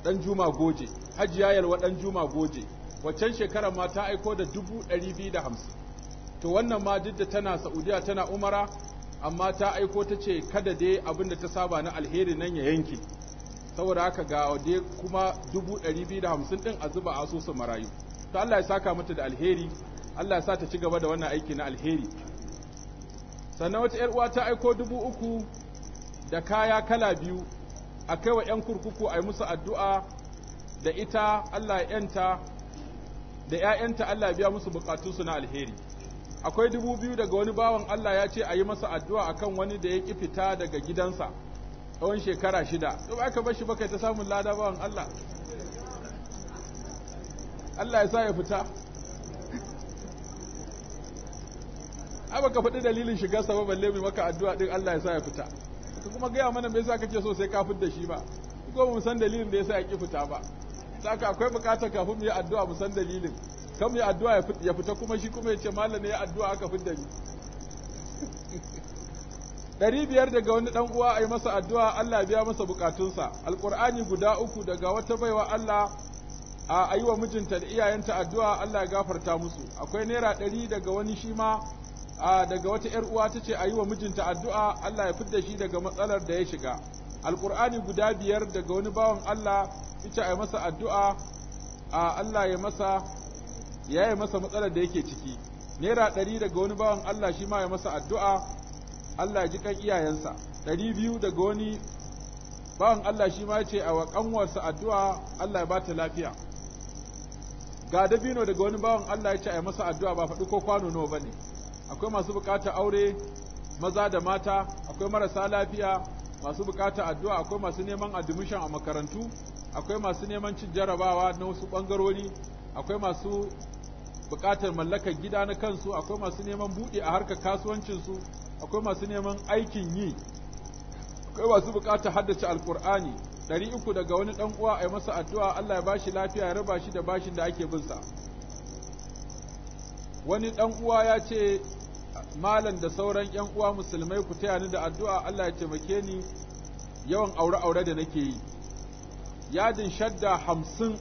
dan juma goje hajiya yalwa dan juma goje waccan shekarar ma ta aiko da dubu ɗari biyu da hamsin to wannan ma duk da tana Saudiya tana Umara amma ta aiko ta ce kada dai abin da ta saba na alheri nan ya yanke saboda haka ga dai kuma 250 din a zuba asusun marayu to Allah ya saka mata da alheri Allah ya sa ta ci gaba da wannan aiki na alheri sannan wata 'yar uwa ta aiko dubu uku da kaya kala biyu a kai wa 'yan kurkuku a yi musu addu'a da ita Allah ya ‘yanta da ‘ya'yanta Allah ya biya musu bukatunsu na alheri. akwai dubu biyu daga wani bawan Allah ya ce a yi masa addu'a a kan wani da ya ƙi fita daga gidansa tsawon shekara shida to ba ka bashi baka ta samun lada bawan Allah Allah ya sa ya fita A baka faɗi dalilin shigarsa ba balle mai maka addu'a ɗin Allah ya sa ya fita ka kuma gaya mana me yasa kake so sai ka da shi ba ko mu san dalilin da ya sa ya ƙi fita ba saka akwai buƙatar kafin mu yi addu'a mu san dalilin kan mai addu'a ya fita kuma shi kuma ya ce malam ne ya addu'a aka da ni ɗari biyar daga wani ɗan uwa a yi masa addu'a Allah biya masa bukatunsa alƙur'ani guda uku daga wata baiwa Allah a yi wa mijinta da iyayenta addu'a Allah ya gafarta musu akwai naira ɗari daga wani shi ma daga wata ‘yar uwa ta ce a yi wa mijinta addu'a Allah ya fidda shi daga matsalar da ya shiga alƙur'ani guda biyar daga wani bawan Allah ita a yi masa addu'a Allah ya masa ya yi masa matsalar da yake ciki naira ɗari daga wani bawan Allah shi ma ya masa addu'a Allah ji kan iyayensa ɗari biyu daga wani bawan Allah shi ma ya ce a wa ƙanwarsa addu'a Allah ya ba ta lafiya ga dabino daga wani bawan Allah ya ce a yi masa addu'a ba faɗi ko kwano nawa ba ne akwai masu buƙatar aure maza da mata akwai marasa lafiya masu buƙatar addu'a akwai masu neman admission a makarantu akwai masu neman cin jarabawa na wasu ɓangarori akwai masu buƙatar mallakar gida na kansu akwai masu neman buɗe a harkar kasuwancinsu akwai masu neman aikin yi akwai masu buƙatar haddace alƙur'ani ɗari uku daga wani ɗan uwa a yi masa addu'a Allah ya bashi lafiya ya raba shi da bashin da ake sa. wani ɗan uwa ya ce malam da sauran ƴan uwa musulmai ku taya ni da addu'a Allah ya taimake ni yawan aure-aure da nake yi yadin shadda hamsin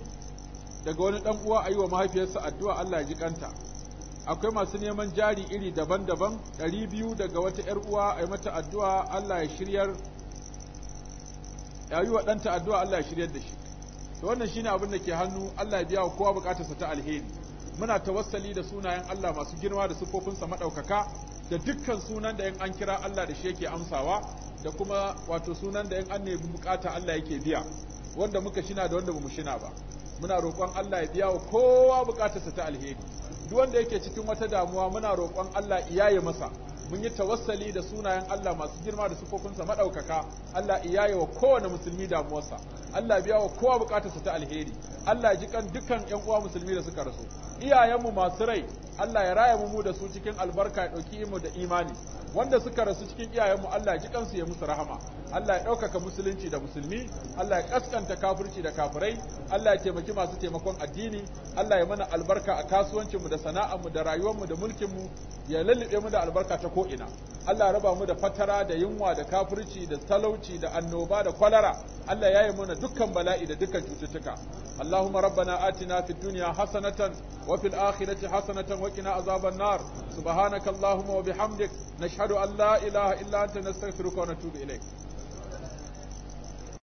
daga wani dan uwa a yi wa mahaifiyarsa addu'a Allah ya ji kanta akwai masu neman jari iri daban-daban ɗari biyu daga wata ‘yar uwa a yi mata addu'a Allah ya shiryar ya yi wa ɗanta addu'a Allah ya shiryar da shi to wannan shine abin da ke hannu Allah ya biya wa kowa buƙatarsa ta alheri muna tawassali da sunayen Allah masu girma da sifofinsa maɗaukaka da dukkan sunan da yan an kira Allah da shi yake amsawa da kuma wato sunan da yan an nemi bukata Allah yake biya wanda muka shina da wanda bamu shina ba muna roƙon Allah ya biya wa kowa buƙatarsa ta alheri duk wanda yake cikin wata damuwa muna roƙon Allah ya masa mun yi tawassali da sunayen Allah masu girma da sufofinsa maɗaukaka Allah iyaye wa kowane musulmi damuwarsa Allah biya wa kowa bukatarsa ta alheri Allah ji kan dukkan ƴan uwa musulmi da suka rasu iyayenmu masu rai Allah ya raya mu da su cikin albarka ya ɗauki mu da imani wanda suka rasu cikin iyayenmu Allah ji kansu ya musu rahama Allah ya ɗaukaka musulunci da musulmi Allah ya kaskanta kafirci da kafirai Allah ya taimaki masu taimakon addini Allah ya mana albarka a kasuwancinmu da sana'armu da rayuwarmu da mulkinmu ya lalluɓe mu da albarka ta ko'ina Allah raba mu da fatara da yunwa da kafirci da talauci da annoba da kwalara Allah ya yi mana dukkan bala'i da dukkan cututtuka Allahumma rabbana atina fid dunya hasanatan wa fil akhirati hasanatan wa qina azaban nar subhanaka allahumma wa bihamdik nashhadu an la ilaha illa anta nastaghfiruka wa natubu ilayk